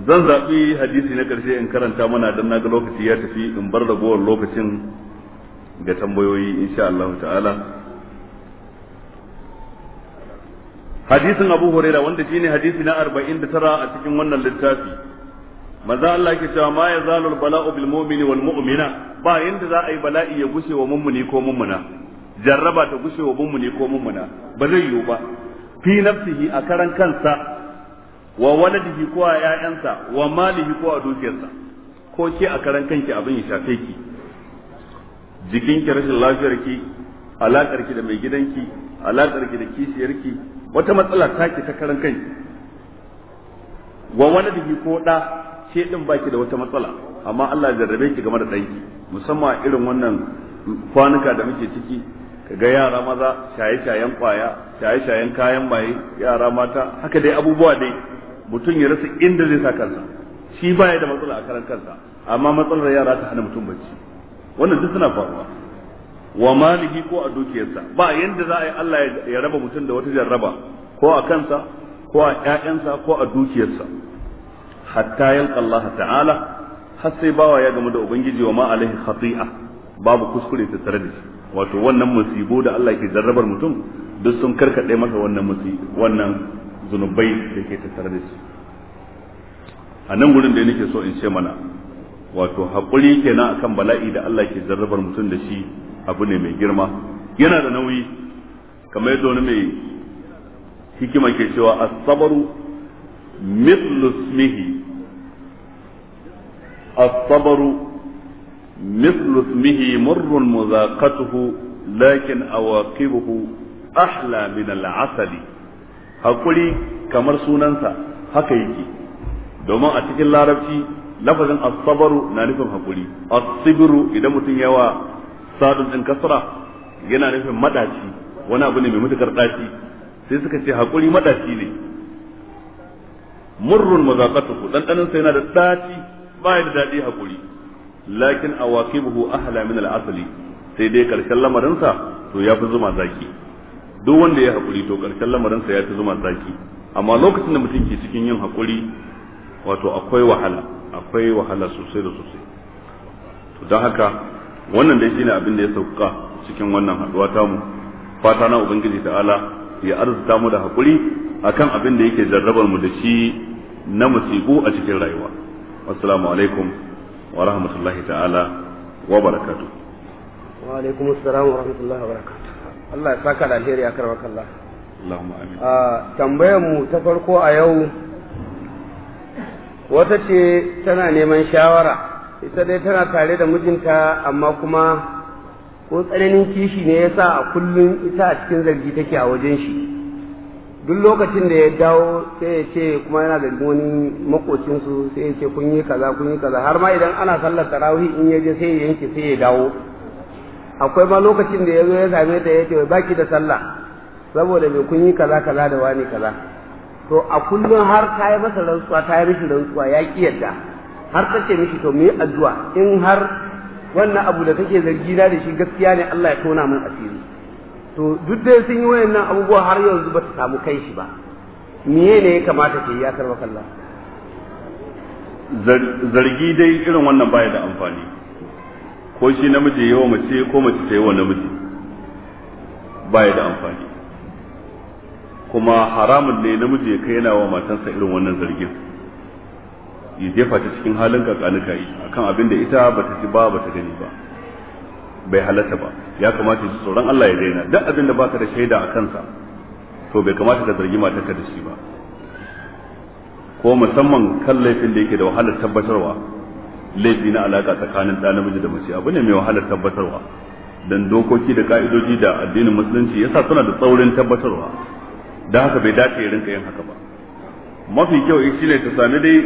zan zaɓi hadisi na ƙarshe in karanta mana don na ga lokaci ya tafi in bar ragowar lokacin ga tambayoyi insha Allah ta'ala hadisin Abu Huraira wanda shine hadisi na arba'in da tara a cikin wannan littafi Maza Allah ke cewa ma yazalu bala'u bil mu'mini wal mu'mina ba yanda za a yi bala'i ya gushe wa mummuni ko mummuna jarraba ta gushe wa mummuni ko mummuna ba zai yiwu ba fi nafsihi a karan kansa wa waladihi ko a ƴaƴansa wa malihi ko a dukiyarsa ko ke a karan kanki abin ya shafe ki jikin ki rashin ki, alaƙar ki da mai gidanki alaƙar ki da ki. wata matsala ta ki ta karan kanki wa waladihi ko da ke din baki da wata matsala amma Allah jarrabe ki game da ɗanki musamman irin wannan kwanuka da muke ciki ga yara maza shaye-shayen kwaya shaye-shayen kayan maye yara mata haka dai abubuwa dai mutum ya rasa inda zai sa kansa shi baya da matsala a karan kansa amma matsalar yara ta hana mutum bacci wannan duk suna faruwa wa malihi ko a dukiyarsa ba yanda za a yi Allah ya raba mutum da wata jarraba ko a kansa ko a ƴaƴansa ko a dukiyarsa hatta yalqa Allah ta'ala har sai bawa ya gamu da ubangiji wa ma alaihi khati'a babu kuskure ta tare da shi wato wannan musibo da Allah yake jarrabar mutum duk sun karkade masa wannan musibo wannan zunubai da ke tattare da shi a nan gurin da nake so in ce mana wato haƙuri kenan akan bala'i da Allah ke zarrabar mutum da shi abu ne mai girma yana da nauyi kamar yadda wani mai hikima ke cewa as-sabru mithlu ismihi as muzaqatuhu lakin awaqibuhu ahla min al-'asali haƙuri kamar sunansa haka yake domin a cikin larabci lafazin asabaru na nufin hakuri asibiru idan mutum yawa sadun din kasra yana nufin madaci wani abu ne mai matukar daci sai suka ce hakuri madaci ne murrun mazaqatuhu dandanin sa yana da daci baya da dadi hakuri lakin awaqibuhu ahla min al-asli sai dai karshen lamarin sa to yafi zuma zaki duk wanda ya hakuri to karshen lamarin sa ya ta zuma zaki amma lokacin da mutum ke cikin yin hakuri wato akwai wahala akwai wahala sosai da sosai to don haka wannan dai shine abin da ya sauka cikin wannan haduwa ta mu fata na ubangiji ta'ala ya arzuta mu da hakuri akan abin da yake jarrabar mu da shi na musibu a cikin rayuwa assalamu alaikum wa rahmatullahi ta'ala wa barakatuh wa alaikum assalam wa rahmatullahi wa barakatuh Allah ya saka da alheri ya karɓa kalla tambayar mu ta farko a yau wata ce tana neman shawara ita dai tana tare da mijinta amma kuma ko tsananin kishi ne yasa a kullum ita a cikin zargi take a wajen shi duk lokacin da ya dawo sai ya ce kuma yana da wani makocinsu sai ya ce kun yi kaza kun yi kaza har ma idan ana sallar tarawih in ya je sai ya yanke sai ya dawo akwai ma lokacin da ya zo ya same ta ya ce baki da sallah saboda me kun yi kaza kaza da wani kaza to a kullum har ta yi masa rantsuwa ta yi mishi rantsuwa ya ki yadda har ta ce mishi to me addu'a in har wannan abu da kake zargi na da shi gaskiya ne Allah ya tona min asiri to duk dai sun yi wayannan abubuwa har yanzu ba ta samu kai shi ba miye ne ya kamata ke ya karba kallah zargi dai irin wannan baya da amfani ko shi namiji yawa mace ko mace ta yawa namiji ya da amfani kuma haramun ne namiji ya kai yana wa matansa irin wannan zargin ya jefa ta cikin halin kakanuka yi akan abin da ita bata ci ba bata gani ba bai halatta ba ya kamata ji tsoron Allah ya daina duk abin da baka da shaida a kansa to bai kamata ka zargi matarka da shi ba ko musamman kan laifin da yake da wahalar tabbatarwa laifi na alaka tsakanin ɗa namiji da mace abu ne mai wahalar tabbatarwa dan dokoki da ka'idoji da addinin musulunci yasa suna da tsaurin tabbatarwa don haka bai dace ya rinka yin haka ba mafi kyau eh, shi ne ta sami dai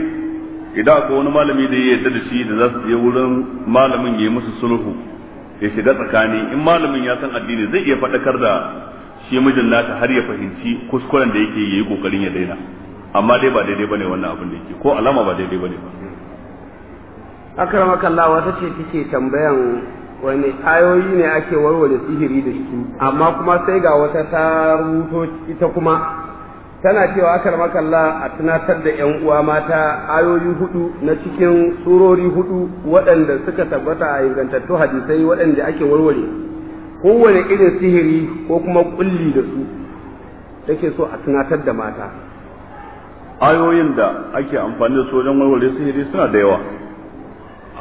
idan akwai wani malami da ya yarda da shi da za su je wurin malamin ya yi musu sulhu ya shiga tsakani in malamin ya san addini zai iya faɗakar da shi mijin nata har ya fahimci kuskuren da yake yi kokarin ya daina amma dai ba daidai bane wannan abin da yake ko alama ba daidai bane ba akramaka Allah wata ce take tambayan wani ayoyi ne ake warware sihiri da shi, amma kuma sai ga wata ta rubuto ita kuma tana cewa akramaka Allah a tunatar da ƴan uwa mata ayoyi hudu na cikin surori hudu waɗanda suka tabbata a ingantattu hadisai waɗanda ake warware kowane irin sihiri ko kuma kulli da su take so a tunatar da mata ayoyin da ake amfani da su wajen warware sihiri suna da yawa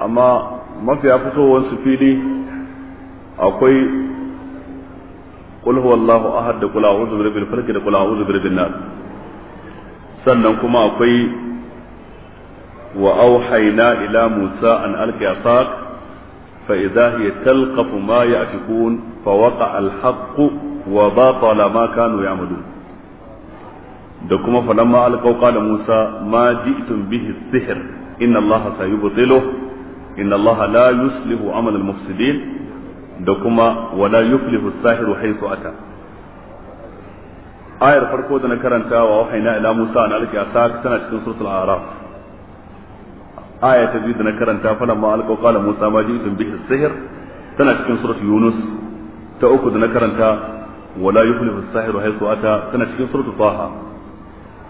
amma mafiya fitowar fili akwai qul wallahu ahad da kula a'udhu birabbil falaq da kula a'udhu birabbin nas sannan kuma akwai wa auhayna ila musa an alqi asaq fa idha hiya talqafu ma ya'tikun fa waqa'a al-haqq wa batala ma kanu ya'malun da kuma falamma alqaw qala musa ma ji'tum bihi sihr inna allaha sayubtiluhu inna Allah la yuslihu amal al-mufsidin da kuma wala yuflihu as-sahiru haythu ata ayar farko da na karanta wa wahaina ila Musa an alki asa tana cikin suratul araf aya ta biyu da na karanta fa lamma alqa qala Musa ma ji'tum bihi as-sihr tana cikin yunus ta uku da na karanta ata tana cikin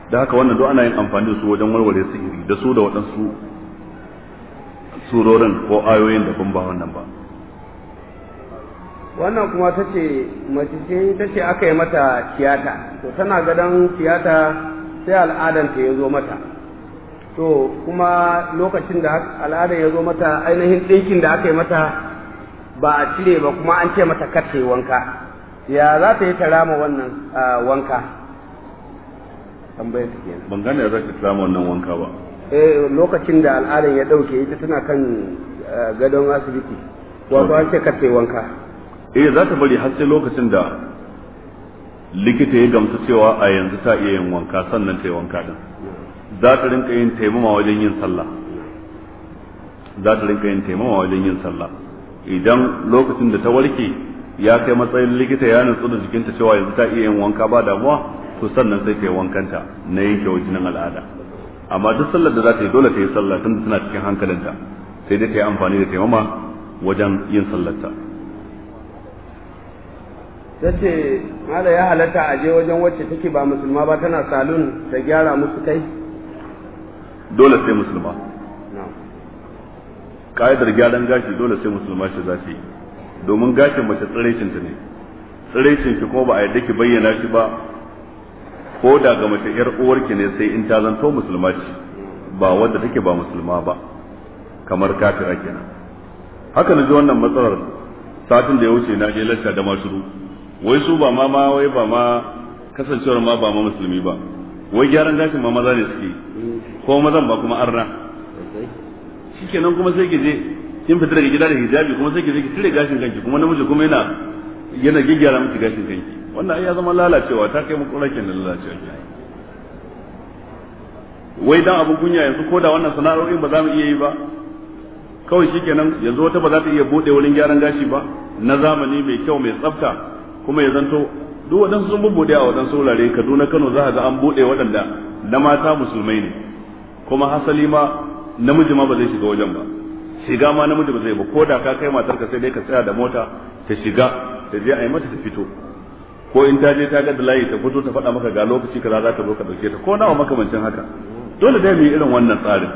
da haka wannan duk ana yin amfani da su wajen warware sihiri da su da waɗansu surorin ko ayoyin da kun ba wannan ba wannan kuma ta ce mace ta ce aka yi mata tiyata to tana gadon tiyata sai al'adanta ya zo mata to kuma lokacin da al'adar ya zo mata ainihin ɗinkin da aka yi mata ba a cire ba kuma an ce mata kace wanka ya za ta yi ta rama wannan ah, wanka tambayar ta kenan ban gane za ta rama wannan wanka ba Eh, lokacin da al'adar ya dauke ita tana kan eh, gadon asibiti wato an ce ka sai wanka eh za ta bari har sai lokacin da likita ya gamsu cewa a yanzu ta iya yin wanka sannan ta yi wanka din za ta rinka yin taimama wajen yin sallah za ta rinka yin taimama wajen yin sallah idan lokacin da ta warke ya kai matsayin likita ya nutsu da jikinta cewa yanzu ta iya yin wanka ba damuwa to sannan sai ta yi wankanta na yanke wajen al'ada amma duk sallar da za ta yi dole ta yi sallah da tana cikin hankalinta sai dai ta yi amfani da taimama wajen yin sallarta ta ce mala ya halatta a je wajen wacce take ba musulma ba tana salun ta gyara musu kai dole sai musulma ka'idar gyaran gashi dole sai musulma shi za ta yi domin gashin mace tsiraicinta ne shi kuma ba a yadda ki bayyana shi ba ko da ga mace yar uwarki ne sai in ta zanto musulma ce ba wanda take ba musulma ba kamar kafira kenan haka na ji wannan matsalar satin da ya wuce na je lacca da masuru wai su ba ma ma wai ba ma kasancewar ma ba ma musulmi ba wai gyaran gashin ma maza ne suke ko mazan ba kuma arna shikenan kuma sai ki je kin fita daga gida da hijabi kuma sai ki je ki cire gashin kanki kuma namiji kuma yana yana gyaggyara miki gashin kanki wannan ya zama lalacewa ta kai muku rakin da lalacewa wai dan abin kunya yanzu ko da wannan sana'o'in ba za mu iya yi ba kawai shikenan yanzu wata ba za ta iya bude wurin gyaran gashi ba na zamani mai kyau mai tsafta kuma ya zanto duk waɗansu sun bude a waɗansu wurare kaduna kano za a ga an buɗe waɗanda na mata musulmai ne kuma hasali ma namiji ma ba zai shiga wajen ba shiga ma namiji ba zai ba ko da ka kai matar ka sai dai ka tsaya da mota ta shiga ta je a yi mata ta fito ko in ta je ta ga da layi ta fito ta faɗa maka ga lokaci kaza za ka zo ka ɗauke ta ko nawa makamancin haka dole dai mu yi irin wannan tsarin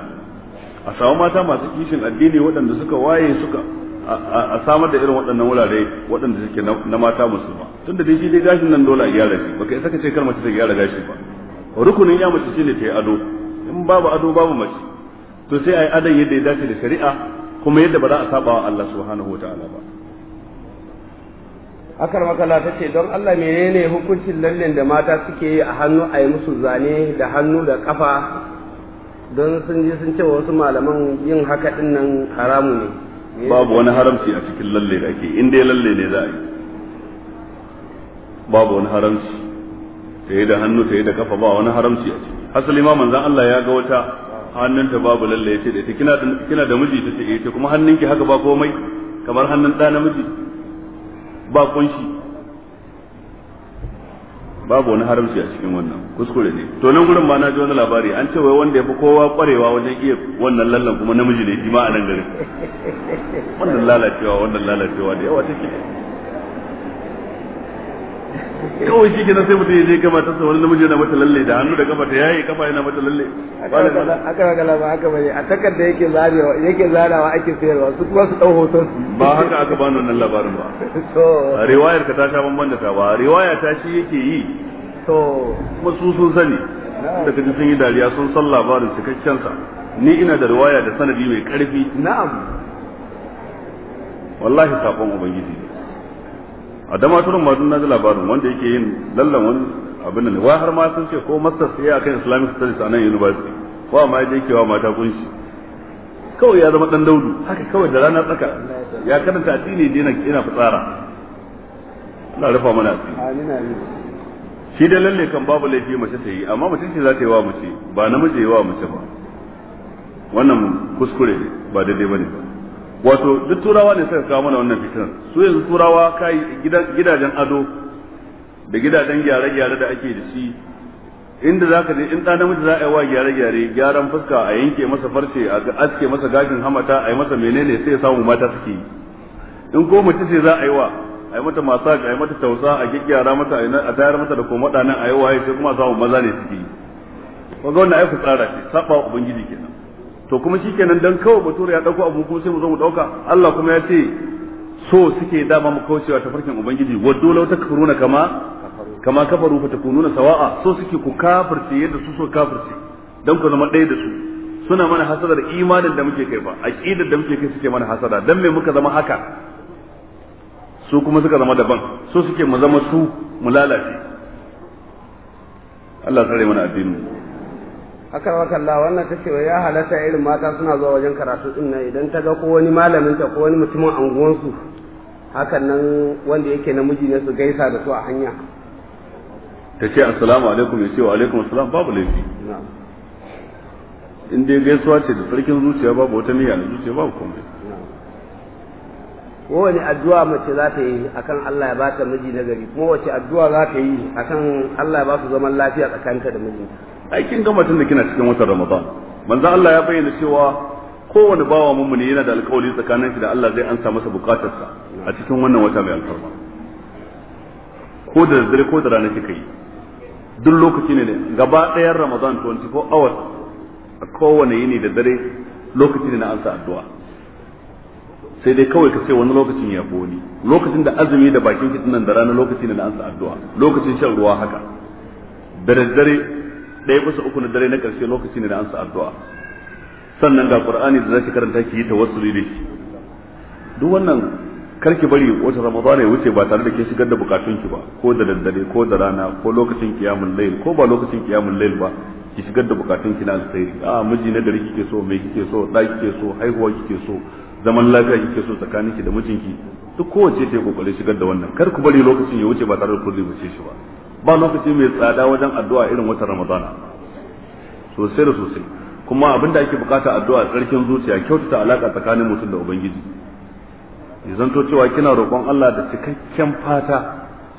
a samu mata masu kishin addini waɗanda suka waye suka a samar da irin waɗannan wurare waɗanda suke na mata musulma tunda dai shi dai gashin nan dole a gyara shi baka isa ka ce kar mace ta gyara gashi ba rukunin ya mace shine ta yi ado in babu ado babu mace to sai a yi adon yadda ya dace da shari'a kuma yadda ba za a saba wa Allah subhanahu wa ta'ala ba akar makala ta ce don Allah menene hukuncin lallin da mata suke yi a hannu a yi musu zane da hannu da kafa don sun ji sun ce wasu malaman yin haka din nan haramu ne babu wani haramci a cikin lalle da ake inda ya lalle ne za a yi babu wani haramci ta yi da hannu ta yi da kafa ba wani haramci a ciki asali ma manzan Allah ya ga wata hannunta babu lalle ya ce da ita kina da miji ta ce ita eh, kuma hannunki haka ba komai kamar hannun ɗa namiji ba kunshi babu wani haramci a cikin wannan kuskure ne to nan gurin ma na ji wani labari an ce wai wanda ya fi kowa kwarewa wajen iya wannan lallan kuma namiji ne shi ma a nan gari wannan lalacewa wannan lalacewa da yawa take kawai shi kenan sai mutum ya je gama ta wani namiji yana mata lalle da hannu da kafa ta yayi kafa yana mata lalle haka ba kala ba haka bane a takarda yake zarewa yake zarawa ake sayarwa su kuma su dau hoton ba haka aka bani wannan labarin ba to riwayar ka ta sha bamban da ta ba riwaya ta shi yake yi to kuma su sun sani da kaji sun yi dariya sun san labarin cikakken sa ni ina da riwaya da sanadi mai karfi na'am wallahi sakon ubangiji a dama turun ma na ji labarin wanda yake yin lallan wani abin nan wa har ma sun ce ko master sai akan islamic studies a nan university wa ma yake wa mata kunshi kawai ya zama dan daudu haka kawai da rana tsaka ya karanta addini ne na ina fitsara Allah rufa mana asiri shi da lalle kan babu laifi mace ta yi amma mace ce za ta yi wa mace ba namiji yi wa mace ba wannan kuskure ba daidai bane ba wato duk turawa ne suka kawo mana wannan fitinar su yanzu turawa kai gidajen ado da gidajen gyare-gyare da ake da shi inda za ka je in ɗan namiji za a yi wa gyare-gyare gyaran fuska a yanke masa farce a aske masa gashin hamata a yi masa menene sai ya samu mata suke yi in ko mace ce za a yi wa a yi mata masa a yi mata tausa a gyaggyara mata a tayar mata da koma nan a yi wa sai kuma samu maza ne suke yi ko ga wannan ai tsara shi saba ubangiji kenan to kuma shi kenan dan kawai bature ya dauko abu kuma sai mu zo mu dauka Allah kuma ya ce so suke dama mu kaucewa ta farkin ubangiji waddo law takfuruna kama kama kafaru fa takununa sawa'a so suke ku kafirce yadda su so kafirce dan ku zama ɗaya da su suna mana hasadar imanin da muke kai ba aqidar da muke kai suke mana hasada dan me muka zama haka su kuma suka zama daban so suke mu zama su mu lalace Allah tsare mana addinin mu aka kalla wannan ta ce ya halatta irin mata suna zuwa wajen karatu din nan idan ta ga ko wani malamin ta ko wani mutumin anguwansu hakan nan wanda yake namiji ne su gaisa da su a hanya ta ce assalamu alaikum ya ce wa alaikum assalam babu laifi in dai gaisuwa ce da sarkin zuciya babu wata niyya da zuciya babu komai kowane addu'a mace za ta yi akan Allah ya ba ta miji na gari kuma wace addu'a za ta yi akan Allah ya ba su zaman lafiya tsakaninta da mijinta aikin gama tun da kina cikin watan ramadan manzo Allah ya bayyana cewa kowane bawa ne yana da alƙawari tsakanin shi da Allah zai ansa masa bukatarsa a cikin wannan wata mai alfarma ko da dare ko da rana kika yi duk lokaci ne gaba ɗayan ramadan 24 hours a kowane yini da dare lokaci ne na ansa addu'a sai dai kawai ka ce wani lokacin ya boni lokacin da azumi da bakin kitin nan da rana lokaci ne na ansa addu'a lokacin shan ruwa haka da daddare ɗaya bisa uku na dare na ƙarshe lokaci ne da ansa addu'a sannan ga qur'ani da zaki karanta ki yi tawassuli da shi duk wannan karki bari wata ramadana ya wuce ba tare da ke shigar da bukatun ki ba ko da daddare ko da rana ko lokacin kiyamul layl ko ba lokacin kiyamul layl ba ki shigar da bukatun ki na alkhairi a miji na gari kike so mai kike so da kike so haihuwa kike so zaman lafiya kike so tsakaninki da mijinki duk kowace ta yi kokarin shigar da wannan kar ku bari lokacin ya wuce ba tare da ya wuce shi ba ba lokaci mai tsada wajen addu'a irin watan ramadana sosai da sosai kuma abin da ake bukata addu'a tsarkin zuciya kyautata alaka tsakanin mutum da ubangiji zanto cewa kina roƙon Allah da cikakken fata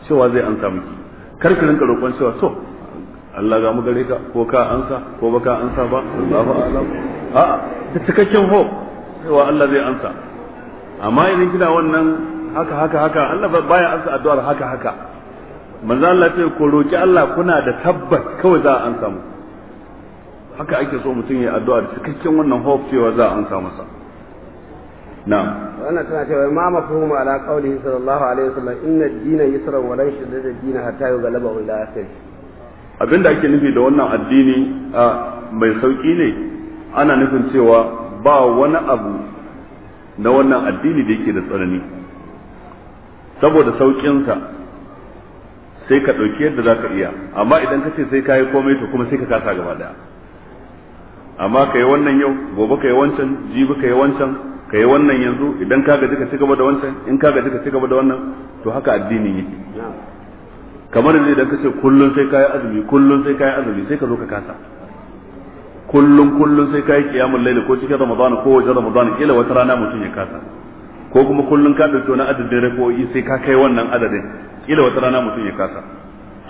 cewa zai ansa miki kar ki rinka roƙon cewa to Allah ga mu gare ka ko ka ansa ko baka ansa ba Allahu a'lam a da cikakken ho. cewa Allah zai ansa amma idan kina wannan haka haka haka Allah baya ansa addu'ar haka haka manzo Allah ce ko roki Allah kuna da tabbas kawai za a an samu haka ake so mutum ya addu'a da cikakken wannan hope cewa za a an samu sa na'am wannan tana cewa ma mafhumu ala qawlihi sallallahu alaihi wasallam inna ad-dina yusra wa laysa ad-din hatta yughlaba ila akhir abinda ake nufi da wannan addini mai sauki ne ana nufin cewa ba wani abu na wannan addini da yake da tsanani saboda saukinsa sai ka ɗauki yadda za ka iya amma idan ka ce sai ka yi komai to kuma sai ka kasa gaba daya amma ka yi wannan yau gobe ka yi wancan jibi ka yi wancan ka yi wannan yanzu idan ka gaji ka ci gaba da wancan in ka gaji ka ci gaba da wannan to haka addini yake kamar yanzu idan ka ce kullum sai ka yi azumi kullum sai ka yi azumi sai ka zo ka kasa kullum kullum sai ka yi kiyamul laili ko cikin ramadana ko wajen ramadana kila wata rana mutum ya kasa ko kuma kullun ka dauki wani adadin rako'i sai ka kai wannan adadin kila wata rana mutum ya kasa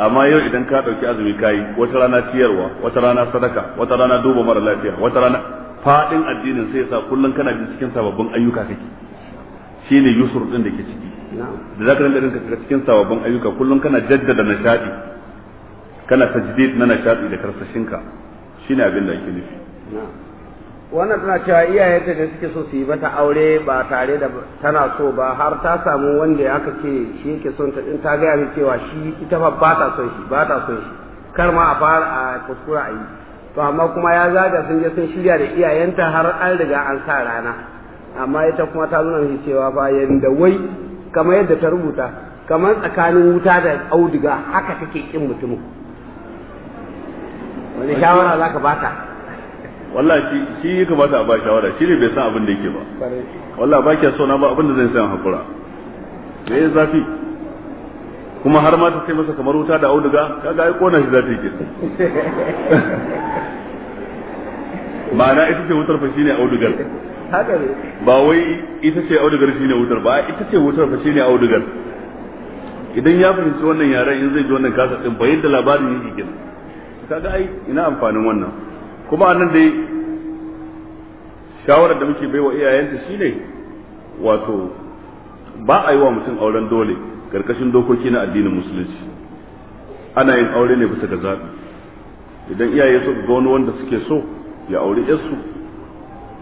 amma yau idan ka dauki azumi kai wata rana ciyarwa wata rana sadaka wata rana duba mara lafiya wata rana fadin addinin sai yasa kullun kana jin cikin sababbin ayyuka kake shine yusur din da ke ciki da zaka rinka rinka cikin sababbin ayyuka kullun kana jaddada nishadi kana tajdid na nishadi da karsashinka shine abin da ake nufi wannan tana cewa iyayenta da suke so su yi mata aure ba tare da tana so ba har ta samu wanda ya aka ce shi yake son ta din ta gaya ne cewa shi ita fa ba ta son shi ba ta son shi kar ma a fara a kuskura a yi to amma kuma ya zaga sun je sun shirya da iyayenta har an riga an sa rana amma ita kuma ta nuna min cewa ba yanda wai kamar yadda ta rubuta kamar tsakanin wuta da auduga haka take kin mutumin wani shawara zaka bata wallahi shi shi ya kamata a ba shawara shi ne bai san abin da yake ba wallahi ba kiya sona ba abin da zai san hakura me ya zafi kuma har ma ta sai masa kamar wuta da auduga kaga ai kona shi za ta yi kisa ma'ana ita ce wutar fa shine audugar haka ne ba wai ita ce audugar shine wutar ba ita ce wutar fa shine audugar idan ya fahimci wannan yaren in zai ji wannan kasa din bayin da labarin yake kaga ai ina amfanin wannan kuma anan dai shawarar da muke baiwa iyayenta shine wato ba a yi wa mutum auren dole karkashin dokoki na addinin musulunci ana yin aure ne bisa ga zaɓi idan iyaye su ga wani wanda suke so ya auri yarsu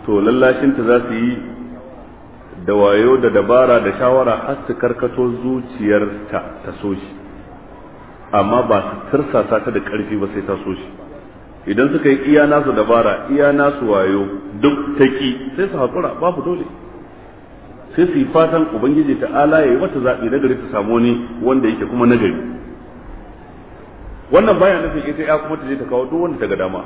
to lallashinta za su yi da wayo da dabara da shawara har su karkato zuciyarta ta so shi amma ba su tursasa ta da ƙarfi ba sai ta so shi idan suka yi iya nasu dabara iya nasu wayo duk taki sai su hakura babu dole sai su yi fatan ubangiji ta ala ya yi wata zaɓi na gari ta samu wani wanda yake kuma na gari wannan baya nufin ita ya kuma ta je ta kawo duk wanda ta ga dama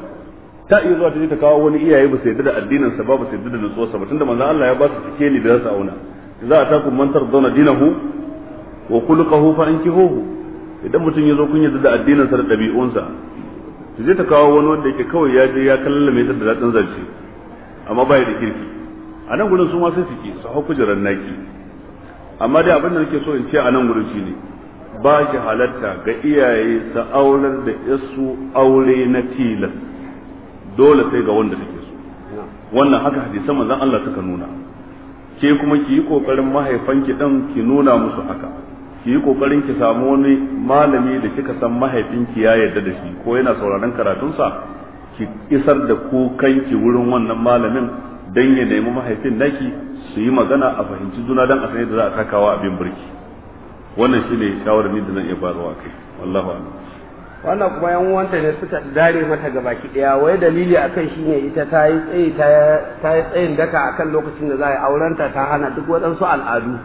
ta iya zuwa ta je ta kawo wani iyaye ba su yarda da addinin sa ba ba sai da da sa ba tunda manzon Allah ya ba su cike ni da za su auna za a taku man tarzauna dinahu wa khuluquhu fa ankihuhu idan mutum ya zo kun yarda da addinin sa da ɗabi'unsa su je ta kawo wani wanda yake kawai ya je ya kallame mai da daɗin zance amma bai da kirki a nan gudun su ma sai suke su hau kujerar naki amma dai abin da nake so in ce a nan gudun shi ne ba ki halatta ga iyaye su aurar da isu aure na tilas dole sai ga wanda take so wannan haka hadisan manzon Allah suka nuna ke kuma ki yi kokarin mahaifanki dan ki nuna musu haka ki yi kokarin ki samu wani malami da kika san mahaifinki ya yarda da shi ko yana sauraron karatunsa ki isar da kanki wurin wannan malamin dan ya nemi mahaifin naki su yi magana a fahimci juna dan a san yadda za a takawa abin birki wannan shine shawarar da zan iya bayarwa kai wallahi a'lam wannan kuma yan uwanta ne suka dare mata baki daya wai dalili akan shine ita ta yi tsaye ta yi tsayin daka akan lokacin da za a yi aurenta ta hana duk wadansu al'adu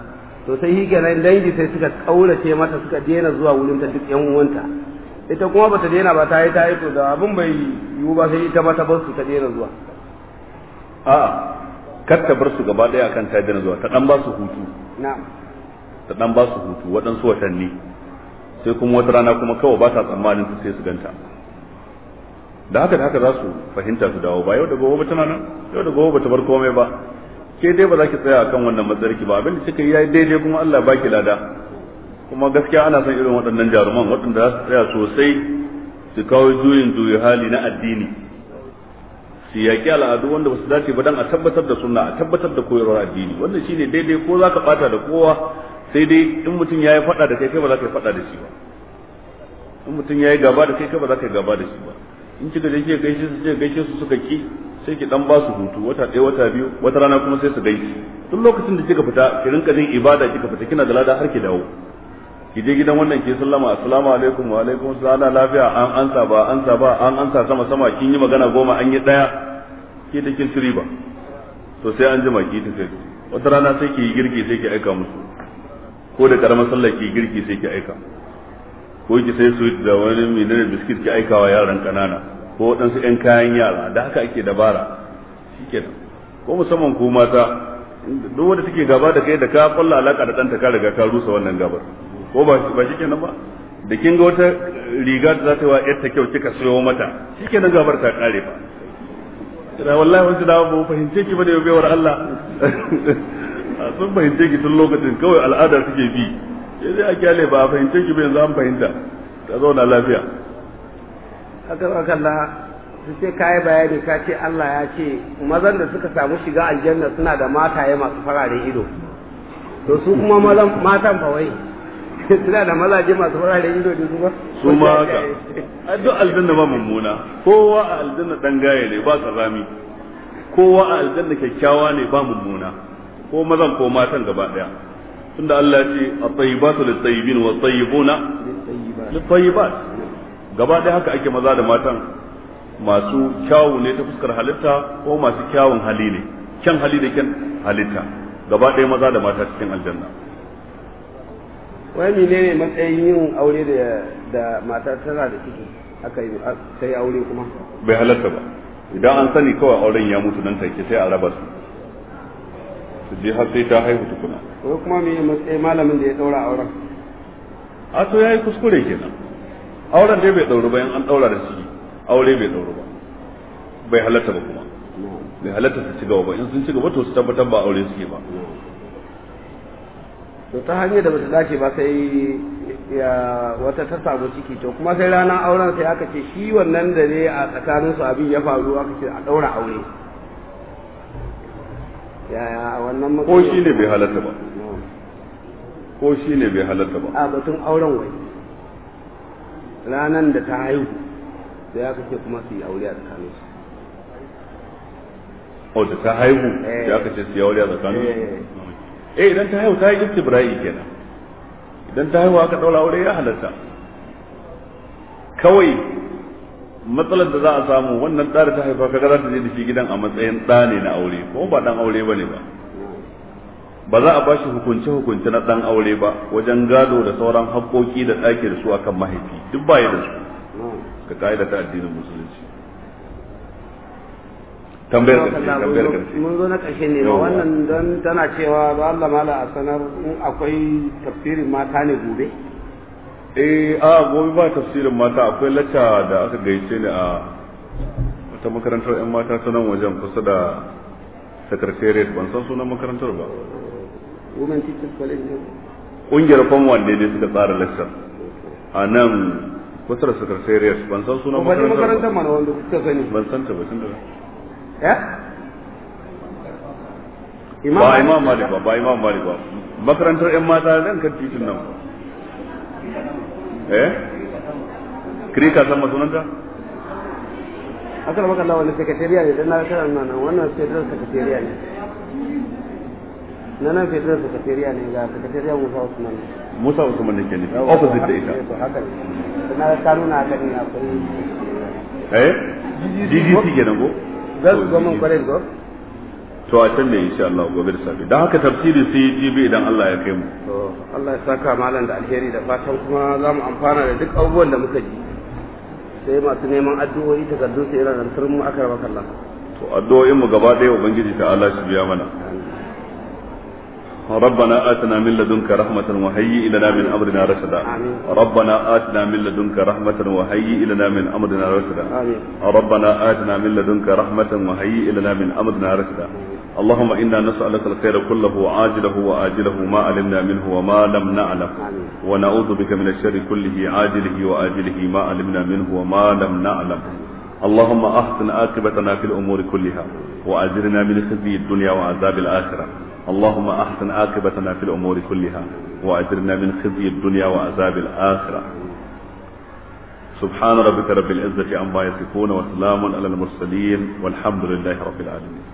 to sai shi nan dangi sai suka kaurace mata suka daina zuwa wurin ta duk yan uwanta ita kuma bata daina ba ta yi ta yi to da abin bai yiwu ba sai ita mata ta bar su ta daina zuwa a'a kar ta bar su gaba daya akan ta daina zuwa ta dan ba su hutu na'am ta dan ba su hutu waɗansu watanni sai kuma wata rana kuma kawai ba ta tsammanin su sai su ganta da haka da haka za su fahimta su dawo ba yau da gobe tana nan yau da gobe bata bar komai ba ke dai ba za ki tsaya akan wannan matsarki ki ba abinda kika yi ya daidai kuma Allah ba ki lada kuma gaskiya ana son irin waɗannan jaruman waɗanda za su tsaya sosai su kawo juyin juyi hali na addini su yaƙi al'adu wanda ba su dace ba dan a tabbatar da sunna a tabbatar da koyarwar addini wannan shine daidai ko za ka ɓata da kowa sai dai in mutum ya yi faɗa da kai kai ba za ka yi faɗa da shi ba in mutum ya yi gaba da kai kai ba za ka yi gaba da shi ba in kika je kika gaishe su kika gaishe su suka ki sai ki dan ba su hutu wata ɗaya wata biyu wata rana kuma sai su dai tun lokacin da kika fita ki rinka yin ibada kika fita kina da lada har ki dawo ki je gidan wannan ki sallama assalamu alaikum wa alaikum assalam lafiya an ansa ba ansa ba an ansa sama sama kin yi magana goma an yi daya ke da kin ba to sai an jima ki ta sai wata rana sai ki girki sai ki aika musu ko da karamar sallah ki girki sai ki aika ko ki sai su da wani menene biskit ki aika wa yaran kanana ko waɗansu 'yan kayan yara da haka ake dabara shikenan ko musamman ko mata duk wanda take gaba da kai da ka kwalla alaka da ɗanta ka riga ka rusa wannan gabar ko ba ba shikenan ba da kin ga wata riga da za ta wa yarta kyau kika sayo mata shikenan gabar ta kare ba da wallahi wani da ba fahimce ki bane baiwar Allah sun fahimce ki tun lokacin kawai al'ada suke bi sai a kyale ba a fahimce ki ba yanzu an fahimta ta zauna lafiya aka ba kalla su ce kayi bayani ka ce Allah ya ce mazan da suka samu shiga aljanna suna da mataye masu fararen ido to su kuma mazan matan bawai suna da mazaje masu fararen ido da kuma su ma haka a duk aljanna ba mummuna kowa a aljanna dan gaye ne ba tsarami kowa a aljanna kyakkyawa ne ba mummuna ko mazan ko matan gaba daya tunda Allah ya ce at-tayyibatu lit-tayyibin wa tayyibuna lit-tayyibat gaba ɗaya haka ake maza da matan masu kyawu ne ta fuskar halitta ko masu kyawun hali ne kyan hali da kyan halitta gaba ɗaya maza da mata cikin aljanna wani ne ne matsayin yin aure da mata tana da ciki aka yi sai aure kuma bai halatta ba idan an sani kawai auren ya mutu nan take sai a raba su su je har sai ta haihu tukuna ko kuma me matsayin malamin da ya daura auren a to yayi kuskure kenan auren dai bai dauru ba an daura da shi aure bai dauru ba bai halatta ba kuma bai halatta su ci gaba ba in sun ci gaba to su tabbatar ba aure suke ba to ta hanyar da bata dace ba sai ya wata ta samu ciki to kuma sai ranar auren sai aka ce shi wannan da ne a tsakanin su abin ya faru aka ce a daura aure yaya wannan ko shi ne bai halatta ba ko shi ne bai halatta ba a batun auren wai ranan da ta haihu sai aka ce kuma su yi aure a tsakanin su o oh, da ta haihu eh. sai aka ce su yi aure a tsakanin su eh. eh idan ta haihu ta yi istibra'i kenan idan ta haihu aka daura aure ya halatta kawai matsalar da za a samu wannan tsari ta haifa kaga za ta je da shi gidan a matsayin ɗa ne na aure ko ba ɗan aure ba ne ba ba za a ba shi hukunci hukunci na dan aure ba wajen gado da sauran haƙoƙi da ɗaki da su akan mahaifi duk baya da su ka ka'ida ta addinin musulunci tambayar karshe tambayar mun zo na karshe ne wannan don tana cewa ba Allah mala a sanar in akwai tafsirin mata ne gobe eh a gobe ba tafsirin mata akwai lacca da aka gaice ni a wata makarantar yan mata ta nan wajen kusa da secretariat ban san sunan makarantar ba women teachers college ne kungiyar form 1 ne suka tsara lecture a nan kusur su secretariat ban san suna makarantar makarantar mana wanda suka sani ban san ta ba da eh ba imam malik ba ba imam malik ba makarantar yan mata nan kan titin nan eh ka san masunanta akalla makalla wanda secretariat ne dan na karan nan wannan sai ne na nan federal secretariat ne ga musa usman musa usman ne ke opposite da ita na eh, nuna haka ne akwai eh ddc ko gwamnan kwarin ko to a can da insha Allah gobe da safe don haka tafsiri sai jibi idan Allah ya kai mu to Allah ya saka malam da alheri da fatan kuma za mu amfana da duk abubuwan da muka ji sai masu neman addu'o'i takardun su irin rantar mu aka raba kallon to addu'o'in mu gaba ɗaya ubangiji ta Allah shi biya mana ربنا آتنا من لدنك رحمة وهيئ لنا من أمرنا رشدا ربنا آتنا من لدنك رحمة وهيئ لنا من أمرنا رشدا ربنا آتنا من لدنك رحمة وهيئ لنا من أمرنا رشدا اللهم إنا نسألك الخير كله عاجله وآجله ما علمنا منه وما لم نعلم ونعوذ بك من الشر كله عاجله وآجله ما علمنا منه وما لم نعلم اللهم أحسن عاقبتنا في الأمور كلها وأجرنا من خزي الدنيا وعذاب الآخرة اللهم أحسن عاقبتنا في الأمور كلها وأجرنا من خزي الدنيا وعذاب الآخرة سبحان ربك رب العزة عما يصفون وسلام على المرسلين والحمد لله رب العالمين